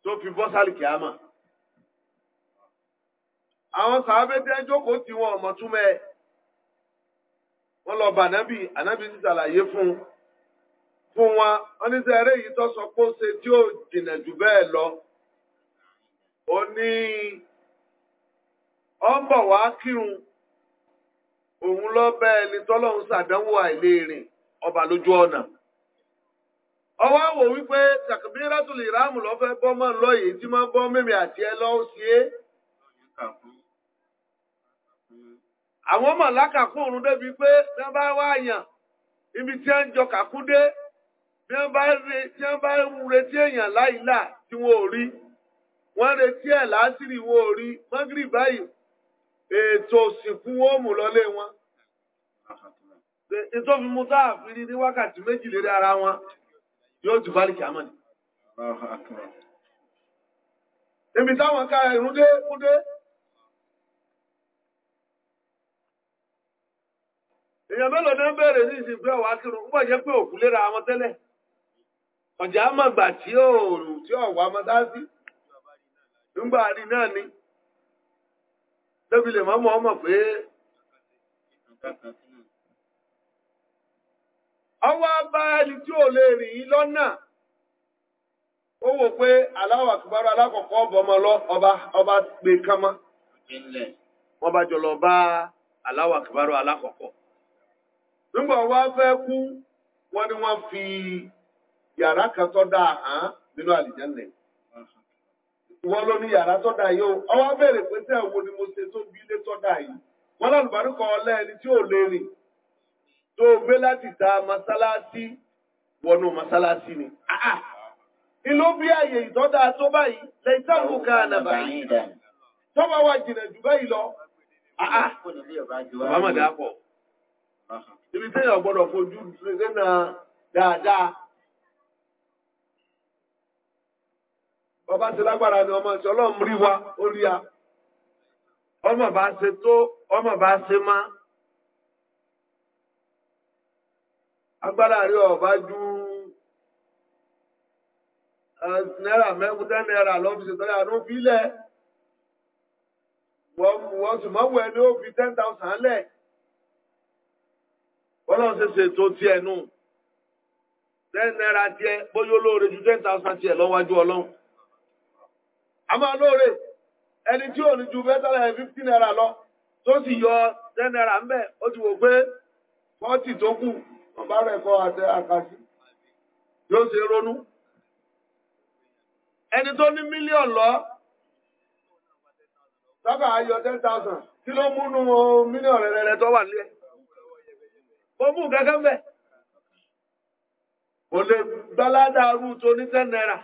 tó fi bọ́ sálìkì àmà. Àwọn sàábẹ́dẹ́ jókòó tí wọn ọmọ túnmẹ́ wọ́n lọ ànábì ti ṣàlàyé fún fún wa wọ́n ní sẹ́rẹ́ yìí tó sọ pé ó ṣe tí ó jìnà jù bẹ́ẹ̀ lọ. Ó ní Ọ wá kírun òun lọ bẹ ẹni tọ́lọ́run ṣàdánwò àìlérìn ọba lójú ọ̀nà ọwọ́ wò wípé takbiratul ihram lọ bọ́ mọ́ lọ yìí tí máa bọ́ àti ẹ lọ́wọ́ sí àwọn ọmọ lákàkún òun débi pé bá wá ibi tí jọ kàkúndé tí bá retí èèyàn tí ò rí retí ètò òsìnkú wọn mú lọlé wọn ètò fi mú a fi ní wákàtí lere ara wọn yóò jù bá lìkì àmọ́ ni. èmi táwọn ká irun dé kú dé. èèyàn mélòó ní bẹ̀rẹ̀ ní ìsìn pé ọ̀wá kírun ó bàjẹ́ pé òkú léra wọn tẹ́lẹ̀ ọ̀jà àmọ̀gbà tí òòrùn tí sí rí náà le lè máa mọ̀ ọmọ pé ọwọ́ bá ẹni tí o lè rí lọ lọ́nà ó wò pé aláwọ̀ àkùbárò alákọ̀ọ́kọ́ ọbọmọ lọ ọba gbé kánmá wọ́n bá jọlọ bá alákọ̀ọ́kọ́ nígbà wá fẹ́ kú wọ́n ni wọ́n fi yàrá kan tọ́ ìwọ ló ní yàrá tọ́dà yìí o ọwọ́ bẹ̀rẹ̀ pé tẹ́ wo ni mo ṣe tó bí ilé tọ́dà yìí wọ́n lálùbáríkọ ọlẹ́ ẹni tí ò lè rìn tó gbé láti ta mọ́sálásí wọnú mọ́sálásí ni. ìlú bí àyè ìtọ́dà tó báyìí lẹ́yìn táwọn òkà ànàbà yìí tọ́ba wa jìnà jù báyìí lọ. bàbá mà dáa pọ̀ ibi tẹ́yìn ọ̀gbọ́dọ̀ fojú rẹ̀ náà dáadáa. ọba ti lágbára ni ọmọ ìṣọ́ ọlọ́run rí wa ó rí a ọmọ bá ṣe tó ọmọ bá ṣe má agbára rí ọba ju eh, náírà mẹ́kún tẹ́ náírà lọ́fíìsì tọ́lá ló fi lẹ̀ wọ́n sì mọ́ wẹ̀ ni ó fi ten thousand lẹ̀ wọ́n ṣe ṣètò tiẹ̀ nù ten náírà tiẹ̀ bóyá olóore ju ten thousand tiẹ̀ lọ́wájú ọlọ́run. a máa lóore ẹni tí ò ní ju naira lọ tó sì yọ ten naira ń bẹ̀ ó ti wò pé tó kù ọba rẹ̀ kọ́ àtẹ àkàsí yóò ṣe ronú. ẹni tó ní mílíọ̀nù lọ sábà ayọ ten thousand ló múnú mílíọ̀nù rẹ̀ rẹ̀ tó wà nílẹ̀ ó mú kẹ́kẹ́ kò naira.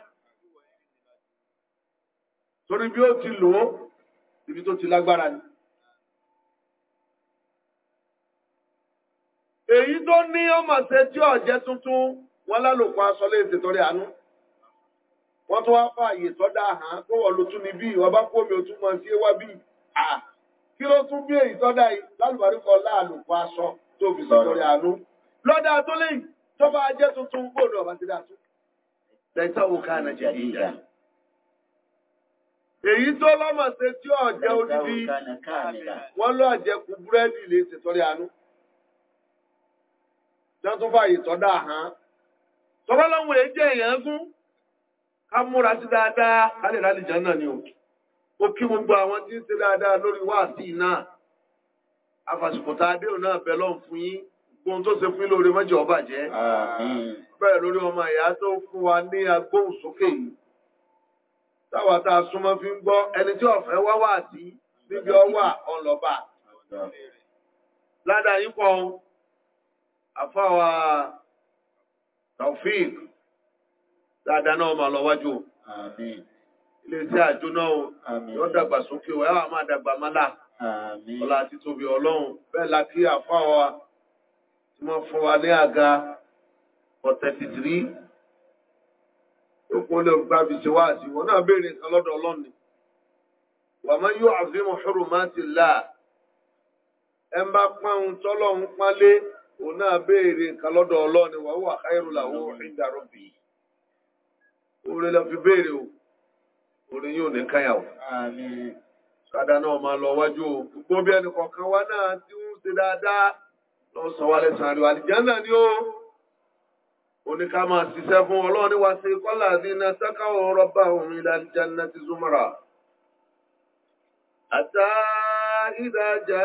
torí bí ó ti lò ó ibi tó ti lágbára ni. èyí tó ní ọmọ ṣe tí ọ̀jẹ́ tuntun wọn lálòpọ̀ aṣọ lè ṣètọrẹ àánú wọ́n tún wá fà àyè tọ́dá hàn kó wọ́n lo tún ní bí ìwọ́n bá kó omi òtún mọ̀ sí wá bí à kí ló tún bí èyí tọ́dá yìí lálùbáríkọ láàlùpọ̀ aṣọ tó fi ṣètọrẹ àánú lọ́dà tó lẹ́yìn tó bá jẹ́ tuntun gbọ́dọ̀ bá ti dà tún. lẹ́tọ̀ òkà nàìjíríà. èyí tó lọ́mọ̀ ṣe tí ó jẹ odidi wọ́n lọ́ àjẹkù búrẹ́dì lè ṣètọ́rí àánú jẹ́tún fàyè tọ́dá àhán tọ́bọ́ lọ́wọ́ èyí jẹ́ èèyàn gún ká múra sí dáadáa ká lè rálì jẹ́ náà ni ò ó kí gbogbo àwọn tí ń ṣe dáadáa lórí wáàsí náà afàṣùkọ̀tà adéhùn náà bẹ̀ fún yín ohun tó ṣe fún lórí mọ́jọ́ ọbàjẹ́ bẹ́ẹ̀ lórí ọmọ ìyá tó fún wa ní agbóhùnsókè yìí táwa tá a súnmọ́ fi ń gbọ́ ẹni tí ọ̀fẹ́ wá wà sí níbi ọwà ọlọ́ba ládàá yín pọ̀ àfáwà Taofik ládàá náà mà lọ́wájú iléeṣẹ́ àjò náà yóò dàgbà sókè wọ́n yà máa dàgbà mọ́lá ọlá àti tóbi ọlọ́run bẹ́ẹ̀ la kí àfáwà tí wọ́n fún wa ní àga for thirty three ó lè gba bìsí wá sí wọn náà béèrè nǹkan lọ́dọ̀ Ọlọ́run ni wa man yu'azzimu hurumatillah ẹ ń bá pọ́n ohun tọ́lọ́run pálé òun náà béèrè nǹkan lọ́dọ̀ Ọlọ́run ni wa huwa khairu lahu 'inda rabbih orin lọ fi béèrè o orin yóò ní káyà o. Sádà náà máa lọ wájú o. Gbogbo bí ẹnì kọ̀ọ̀kan wá náà tí ń ṣe dáadáa lọ sọ wa lẹ́sàn-án rí wa oníká máa ṣiṣẹ́ fún ọlọ́run ní wàá ṣe kọ́là dínà tákàwọ̀ rọ́bà òun ìlànà jẹ́nà ti zúmọ́ra. àtà ìdájà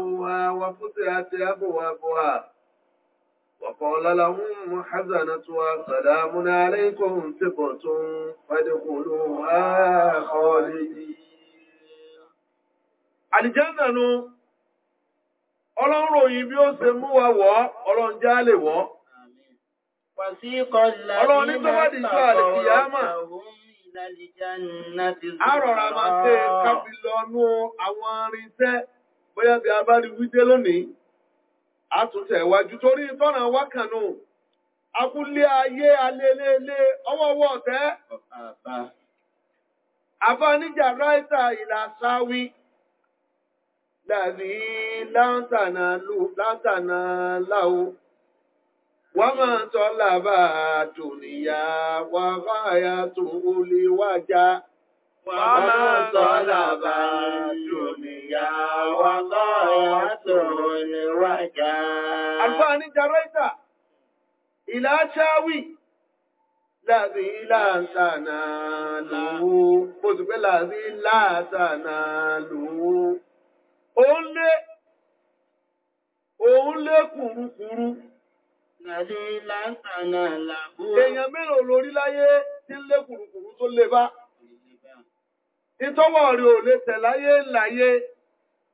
òwà wà fúti àti àbòwàbòwà وقال لهم حزنتها سلام عليكم تبتم فادخلوها خالدين àlìjánà nu ọlọ́run ròyìn bí ó ṣe mú wa wọ̀ ọlọ́run já lè wọ̀ ọrọ ní tó bá di jọ A rọ̀rọ̀ máa pé káfí lọ àwọn arinṣẹ́ bóyá bí a bá rí wídé lónìí. A tún tẹ̀ wájú torí tọ́nà wákànú. Akúlé ayé alélélé ọwọ́wọ́ ọ̀tẹ́. Àbá níjà ráìtà ìlà sáwí. Làbí ومن طلب دنيا وغايته لوجه ومن طلب دنيا وغايته لوجه الفاني جريت إلى شاوي Láàbí láàtànà lòó, mo sì pé láàbí láàtànà lòó. Òun lé, òun lé kùrukùru. Èèyàn mélòó lórí láyé tí ń lé kùrùkùrù tó lè bá. Ìtọ́wọ̀ rẹ̀ ò lè tẹ̀ láyé láyé,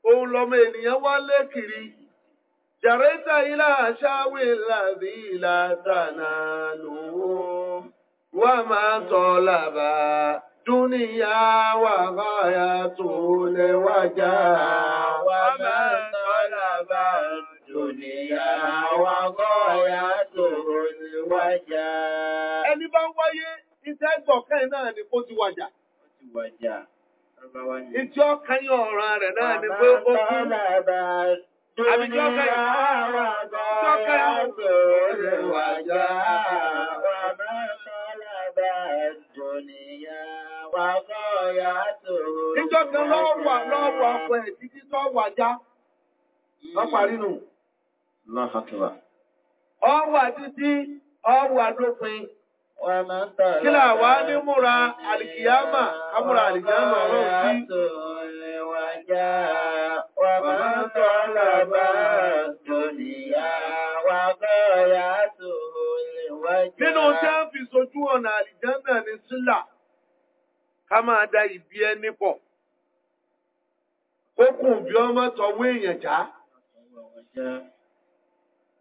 òun lọmọ ènìyàn wá lé kiri. Jàrẹ́ta ilá aṣáwé lábí ilá tànà lòó. Wà máa tọ́ làbà dúníyà wà báyà tó lẹ́wàjá. Wà máa الأنبياء وغايته الوجاء ẹni bá ń wáyé iṣẹ́ gbọ̀kẹ́ náà ni kó ti wàjà. Ìjọ kanyọ ọ̀ràn rẹ̀ náà ni pé ó kú. Àbíjọ́ wà kan lọ́wọ́ lọ́wọ́ ẹ̀ títí tó Ọwà títí, ọwà lópin. Kílà wá ní múra alìkìyàmà, amúra alìkìyàmà ọlọ́run sí. Wà máa tọ́ ń fi sojú ọ̀nà àlìjánà ní sílà, ká máa da ìbí ẹni pọ̀. Ó kùn bí ọmọ tọwọ́ èèyàn já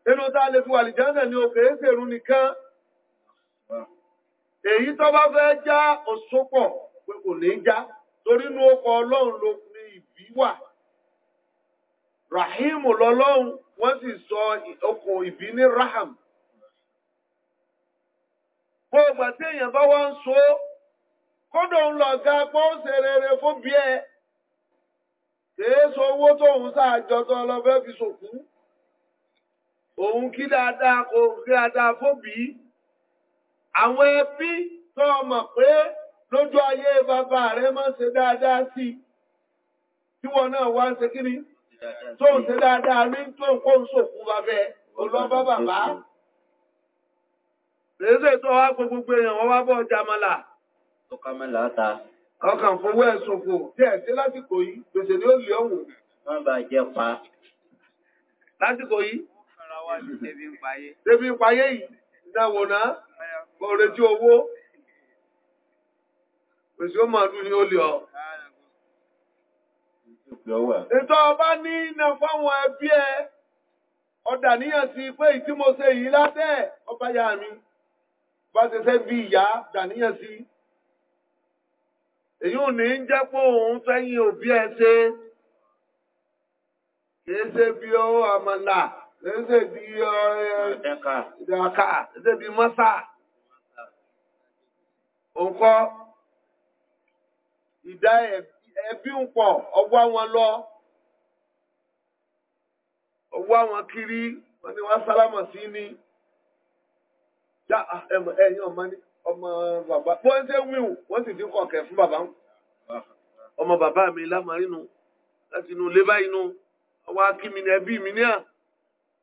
inú tá a lè fi wàlìjánà ni òkè éṣèrú nìkan èyí tó bá fẹ́ já òṣòpọ̀ pé kò ní já torí inú ọkọ̀ ọlọ́run ló ní ìbí wà rahimu lọ́lọ́run wọ́n sì sọ ọkọ̀ ìbí ní raham bó ọgbà tí èèyàn bá wá ń so kódò ń lọ ga pọ́ ń ṣe rere fún bí ẹ kèé so owó tóun sáàjọ tó lọ fẹ́ fi sòkú. So òun kí dáadáa kò kí dáadáa fóbì àwọn ẹbí tó mọ̀ pé lójú ayé bàbá rẹ̀ máa ń ṣe dáadáa sí tí wọn náà wá ń ṣe kí ni tó ń ṣe dáadáa rí tó ń kó ń sòkú bàbẹ olọ́bá bàbá lèṣe tó wá pé gbogbo èèyàn wọn wá bọ́ jamala ọkàn fowó ẹ̀sùn kò tí ẹ̀ sí lásìkò yìí gbèsè ni ó lè ọ̀wọ̀ lásìkò yìí Débi ń payé yìí, ìdáwọ̀nà, ọ̀rẹ́ tí owó, pèsè ó máa dún ní olè ọ. Ètò ọba ní iná fáwọn ẹbí ẹ, ọ̀dà níyàn sí pé ìtí mo ṣe yìí látẹ̀ ọba yà mi. Bá ṣe fẹ́ bí ìyá, dàníyàn sí. Èyí ò ní ń jẹ́ pé òun fẹ́yìn òbí ẹ ṣe. Kìí ṣe bí ó àmàlà ẹsẹ̀ bí ọ̀ẹ́dẹ̀ká ẹsẹ̀ bí mọ́sá òǹkọ́ ìdá ẹbí ń pọ̀ ọwọ́ wọn lọ ọwọ́ wọn kiri wọn ni wọ́n sálámọ̀ sí ni ah, eh, eh, ẹ̀yìn ọmọ ní ọmọ bàbá wọ́n ṣe wíwù wọ́n sì dín kọ̀kẹ́ fún bàbá ọmọ bàbá mi lámàrínú láti inú ilé báyìí nu ọwọ́ akími ni ẹbí mi ní à.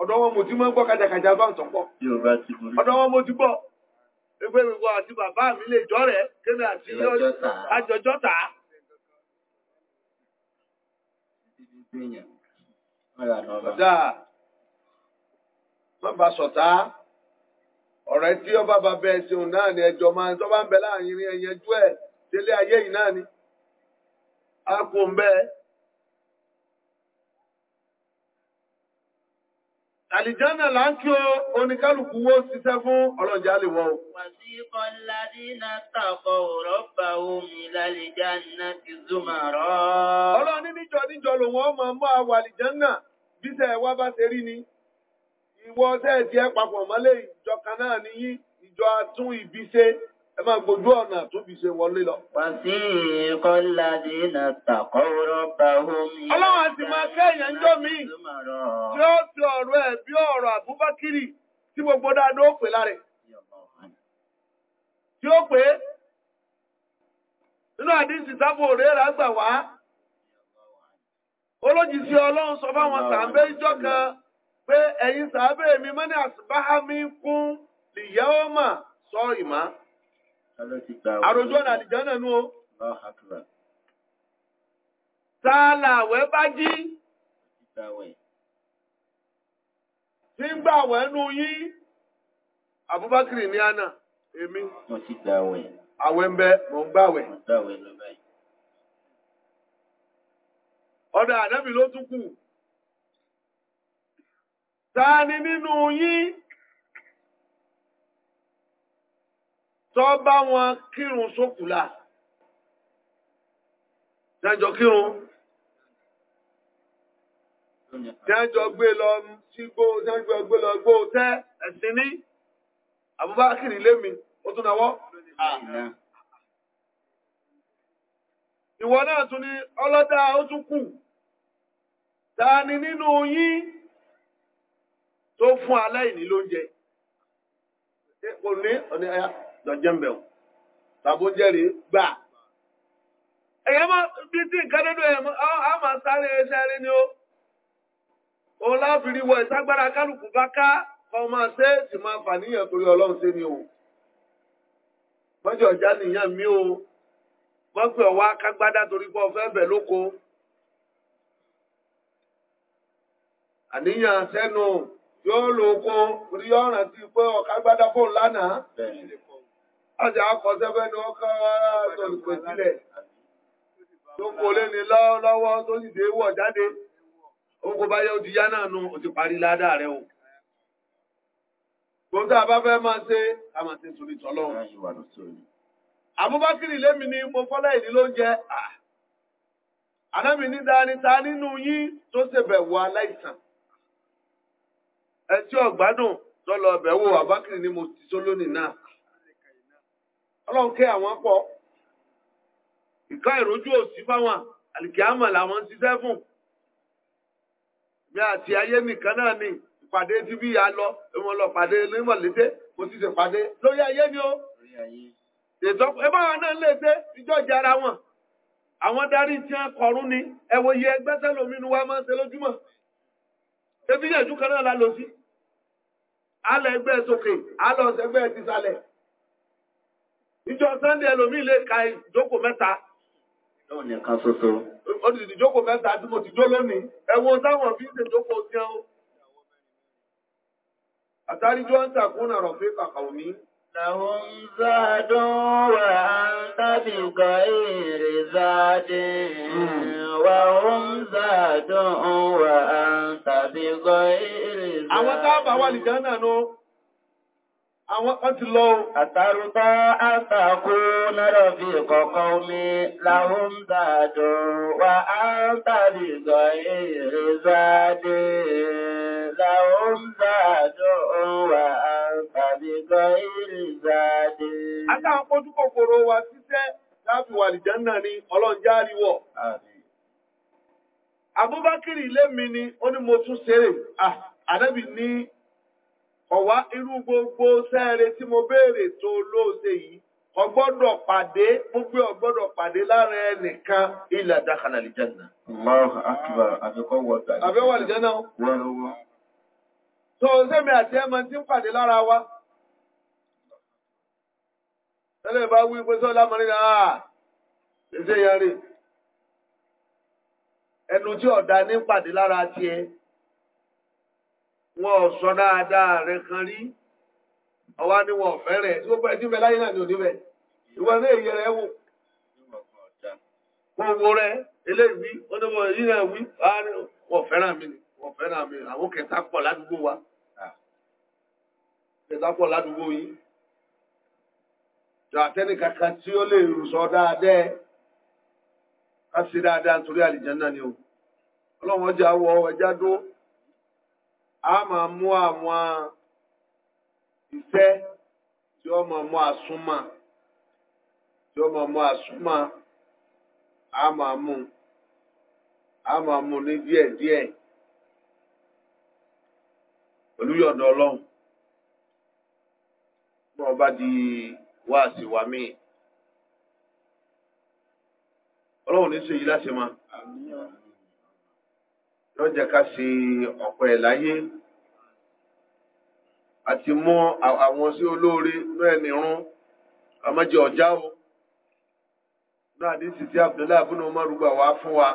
ọ̀dọ̀ wọn mo ti máa gbọ́ kájàkájà bá ń tọ́pọ̀. ọ̀dọ̀ wọn mo ti gbọ́ pé gbogbo àti bàbá mi lè jọ rẹ̀ kémi àti àjọjọ́ ọ̀dà má bàa ọ̀rẹ́ tí ọba bàbá ẹ̀sìn náà ni ẹjọ́ máa ń tọ́ bá ń bẹ láàrin ẹ̀yẹn ẹ̀ délé ayé yìí náà ni. a kò ń bẹ́ẹ̀. Àlìjánà là ń kí o, oníkálùkù wó ṣiṣẹ́ fún ọlọ́jà lè wọ́. Wàsíkọ́ ládínà tàkọ̀ rọ́bà omi lálìjánà ti zúmà rọ́. Ọlọ́ni níjọ níjọ lò wọ́n máa mọ́ àwọ̀ ẹ máa gbójú ọ̀nà tó fi ṣe wọlé lọ. Wàsí ìkọlá dínà tàkọ́rọ́ bá omi. Ọlọ́run àti máa kẹ́yàn jọ mi tí ó ti ọ̀rọ̀ ẹ̀ bí ọ̀rọ̀ Àbúbákírì tí gbogbo dáadọ́ ó pè láre. Tí ó pé nínú àdínsì tábò rẹ̀ rà gbà wá. Olójìsí Ọlọ́run sọ fáwọn sàábé ìjọ kan pé ẹ̀yin sàábé mi mọ́ ní àsìbáhámi fún ìyá ọmọ sọ ìmá. So Àròjú ọ̀nà àlìjánà nú o. Sáàlà àwẹ̀ bá jí. Tí ń gbà àwẹ̀ nú yín. Àbúbákìrì ní àná, èmi. Mo ti gbà àwẹ̀. Àwẹ̀ ń bẹ, mò ń gbàwẹ̀. Mo gbà àwẹ̀ lọ báyìí. Ọ̀dà ànábì ló tún kù. Ta ni nínú yín? tó bá wọn kírun sókùlà dájọ kírun dájọ gbé lọ sígbó dájọ gbé lọ gbó tẹ ẹsìn ní Abubakar lémi ó tún náwó ìwọ náà tún ní ọlọ́dà ó tún kù ta ni nínú yín tó fún aláìní lóúnjẹ kò ní ọ̀nà ẹ̀yà lọ́jọ́ ń bẹ̀wò tàbó jẹ́rìí gbà. ẹ̀yẹ́ máa bí tí nǹkan dúdú ẹ̀ á máa sáré ẹṣẹ́ rí ni ó òun láfi rí wọ ìtagbára kálukú bá ká kọ́ máa ṣe é sì máa fàníyàn torí o. mọ́jọ́ ọ̀já nìyàn mí o wọ́n pè ọ̀wá kágbádá torí pé ọ̀fẹ́ bẹ̀ lóko. àníyàn sẹ́nu yóò lóko torí ọ̀ràn ti pé ọ̀kágbádá fóun lánàá. bẹ́ẹ̀ Ọjà akọ̀sẹ́fẹ́ ni wọ́n ká tọ̀lùpẹ̀ sílẹ̀. Tó kò lé ní lọ́wọ́ tó sì dé wọ̀ jáde. Ó kò ó ti yá náà nu, ó ti parí ládàá rẹ̀ o. Gbogbo àbá fẹ́ máa ṣe, a máa ṣe sórí tọ́lọ́run. Àbúbákìrì lémi ni mo fọ́lá ìdí ló ń jẹ. Ànábì ní dání nínú yín tó ṣe aláìsàn. Ẹ tí ọ̀gbádùn tó lọ bẹ̀wò Àbákìrì ni mo ti sọ lónìí náà ọlọ́run kẹ́ àwọn pọ̀ ìká ìrójú òsì fáwọn àlìkíámà làwọn ń ṣiṣẹ́ fún mi àti ayé nìkan náà ni ìpàdé tí bí ìyá lọ ìwọ̀n lọ pàdé nímọ̀lété mo ti ṣe pàdé lórí ayé ni ó ètò ẹbá wa náà lè dé ìjọ jara wọn àwọn darí tí wọn kọrún ni ẹwọ iye ẹgbẹ sẹlómìnú wa máa ń ṣe lójúmọ́ ṣébí yẹn ju kan náà la lọ sí alẹ ẹgbẹ sókè alọ ọsẹ ẹgbẹ tìsàlẹ̀ ìjọ sunday ẹlòmíì lè ka ìjókòó mẹ́ta nìkan ṣoṣo. ó ti dìjókòó mẹ́ta tí mo ti jó lónìí ẹ̀wọ̀n táwọn fi ń ṣèjókòó jẹun. àtàríjú ọ̀ǹtà kún àrọ̀ pé kàkà òní. Àwọn zádùn wà ń tàbí èrè záde. Wà ń wà ń tàbí èrè záde. Àwọn táàbà wà lìjánà náà. Àwọn kan ti lọ o. Àtàrútọ́ àtàkù lọ́rọ̀ fi kọ̀kọ́ omi láhùn dàdùn wà á tàbí gọ èrè záde. Láhùn dàdùn wà á tàbí gọ èrè záde. Àtàwọn kojú kòkòrò wa ṣiṣẹ́ láti wà lìjẹ́ náà ni ọlọ́njá ríwọ̀. Àbúbákìrì ilé mi ni ó ní mo tún ṣeré. Ah, Àdẹ́bì ní ọ̀wá irú gbogbo sẹ́ẹ̀rẹ̀ tí mo béèrè tó lóòṣe yìí ọgbọ́dọ̀ pàdé gbogbo ọgbọ́dọ̀ pàdé lára ẹnìkan ilẹ̀ àdákanà lè jẹ́nà. Allahu akbar àfikọ́ wọ tàbí. àbẹ́wò àlìjẹ́nà. wọ́n lọ́wọ́. tó o sẹ́mi àti ẹ̀mọ tí ń pàdé lára wa. tẹ́lẹ̀ bá wí pé sọ́ọ́ lámọ́rin náà ṣe yẹn rí. ẹnu tí ọ̀dà ní pàdé lára tiẹ̀ wọn ò sọ dáadáa rẹ kan rí ọwá ní wọn ọ̀fẹ́ rẹ̀ tí ó pẹ́ tí mẹ́láyé náà ní oníbẹ̀ ìwọ ní èyí rẹ̀ wò wọ́n wo rẹ̀ eléyìí onímọ̀ yìí náà wí wọ́n fẹ́ràn mi ni wọ́n fẹ́ràn mi àwọn kẹta pọ̀ ládùúgbò wa kẹta pọ̀ ládùúgbò yìí jọ àtẹ́ni kankan tí ó lè sọ dáadáa ká sí dáadáa nítorí àlìjẹ́ náà ni o ọlọ́run ọjà wọ ẹja dúró a máa mú àwọn iṣẹ́ tí ó máa mú àsúnmọ́ tí ó máa mú àsúnmọ́ a máa mú a máa mú ní díẹ̀díẹ̀ pẹ̀lú yọ̀dọ̀ ọlọ́run tí wọ́n bá di wáàsí wa míì ọlọ́run ní ṣe yí láṣẹ máa. yóò jẹ́ ká ṣe ọ̀pọ̀ ẹ̀ láyé àti mú àwọn sí olóore náà ní irun àmọ́jẹ o náà àdísì tí Abdullahi abúlé ọmọ rúgbà wá fún wa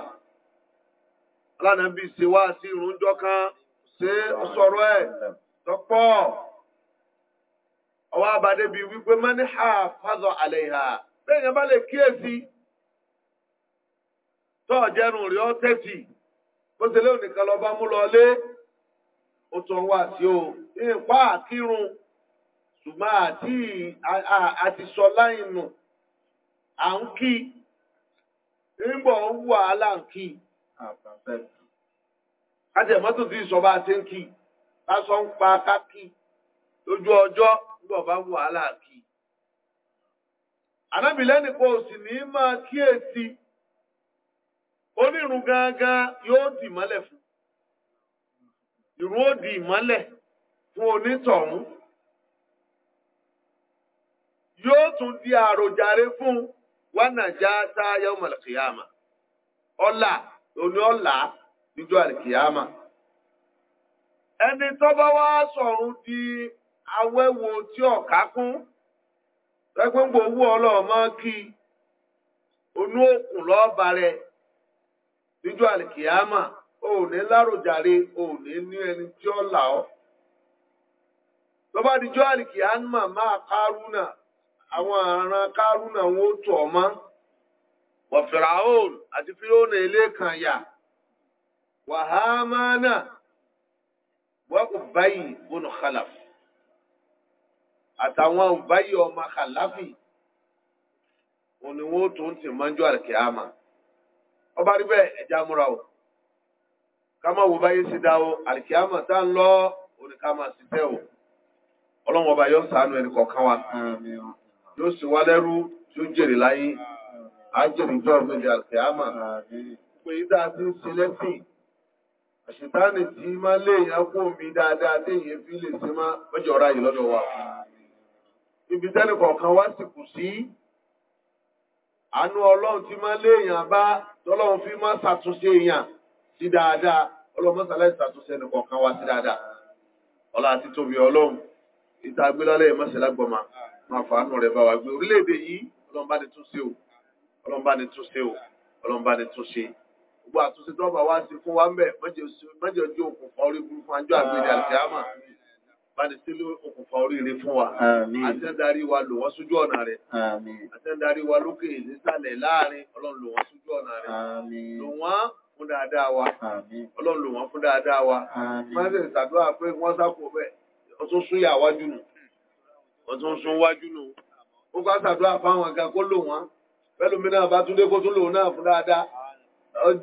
ṣe wá sí irun jọ́kan ṣé ọ̀sọ̀rọ̀ ẹ̀ tọ́pọ̀ ọwọ́ abadé bíi wípé ha fázọ̀ ìhà bẹ́ẹ̀ yẹn bá lè kíyèsí tọ́ọ̀jẹ́rùn rí ọ́ bó ṣe lé òníkan lọ bá mú lọ lé ó tún sí o ìpá àkírun ṣùgbọ́n àti àti sọ láyìn nù à ń kí nígbà ń wà á là ń kí kájẹ mọ́tò tí ìsọba àti ń kí lásán ń pa ká lójú ọjọ́ nígbà bá ń wà ń kí. ànábìlẹ́nìkan ò sì ní máa kíyèsí. onírun gángan yóò dì mọ́lẹ̀ fún ìrun ó dì mọ́lẹ̀ fún onítọ̀hún yóò tún di àròjàre fún wánàjá táyà ọmọlẹ̀kìyàmà ọlà òní ọlà níjọ́ àlẹ̀kìyàmà ẹni tó wá sọ̀run di awẹ́wo tí ọ̀ká kún rẹ́gbẹ́ngbò owó ọlọ́ọ̀mọ́ níjọ́ àlìkìyàmà o ní láròjàre ò ní ní ẹni tí ó là ọ́ lọ́ba níjọ́ àlìkìyàmà máa kárúnà àwọn àràn kárúnà wọn ó tọ̀ wọ̀fìràhóòn àti ilé kan yà wàhámánà wọ́n kò báyìí bónú kálàfù àtàwọn ọma ọmọ kàláfì òní wọn ó tó ń tì mọ́jú ọba rí bẹ́ẹ̀ ẹ̀já múra o ká má wo báyé sí dá o àlìkíyàmọ̀ tá ń lọ oníká máa sì tẹ́ o ọlọ́run ọba yóò ṣàánú ẹnì kọ̀ọ̀kan wa yóò sì wá lẹ́rú tí ó jèrè láyé àjèrè ìjọ ìgbèjì àlìkíyàmọ̀ pé yí dáa ti ń ṣe lẹ́sìn àṣetánì tí máa lé èèyàn kó mi dáadáa téèyàn fi lè ṣe má mọ́jọ́ ọ̀rá yìí lọ́dọ̀ wa ibi tẹ́nì kọ̀ọ̀kan wá sì kù sí àánú ọlọ́run tí máa lé èèyàn bá tọ́lọ́run fi máa ṣàtúnṣe èèyàn sí dáadáa ọlọ́run máa ṣàlàyé ṣàtúnṣe ẹnì kọ̀ọ̀kan wá sí dáadáa ọlá àti tóbi ọlọ́run ìta agbélálẹ̀ mọ́sẹ̀lá gbọ̀mà máa fàánù rẹ̀ bá wa gbé orílẹ̀-èdè yìí ọlọ́run bá ní túnṣe o ọlọ́run bá ní túnṣe o ọlọ́run bá ní túnṣe gbogbo àtúnṣe tó bá wá sí báni tí ló okùnfà oríire fún wa àtẹ́ndarí wa lò wọ́n sójú ọ̀nà rẹ̀ àtẹ́ndarí wa lókè nísàlẹ̀ láàrin ọlọ́run lò wọ́n sójú ọ̀nà rẹ̀ lò wọ́n fún dáadáa wa ọlọ́run lò wọ́n fún dáadáa wa fẹ́sẹ̀ ṣàdúrà pé wọ́n sáko bẹ́ẹ̀ wọ́n tún sún yà wájú nù wọ́n tún sún wájú nù ó bá ṣàdúrà fáwọn gan kó lò wọ́n fẹ́lómi náà bá tún dé kó tún lò náà fún dáadáa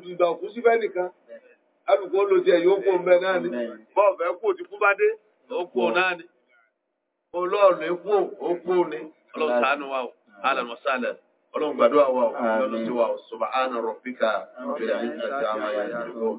ìgbà òkú síbẹ̀ nìkan alùpùpù ló tiẹ̀ yóò kó ń bẹ náà ni bọ́ọ̀ fẹ́ ti kú bá dé okú náà ni olóòlù ikú okú ni ọlọ́run ṣàánú wa o alan wa sálẹ̀ ọlọ́run gbàdúrà wa o ọlọ́run sí wa o subhana rabbika rabbil izzati amma yasifun.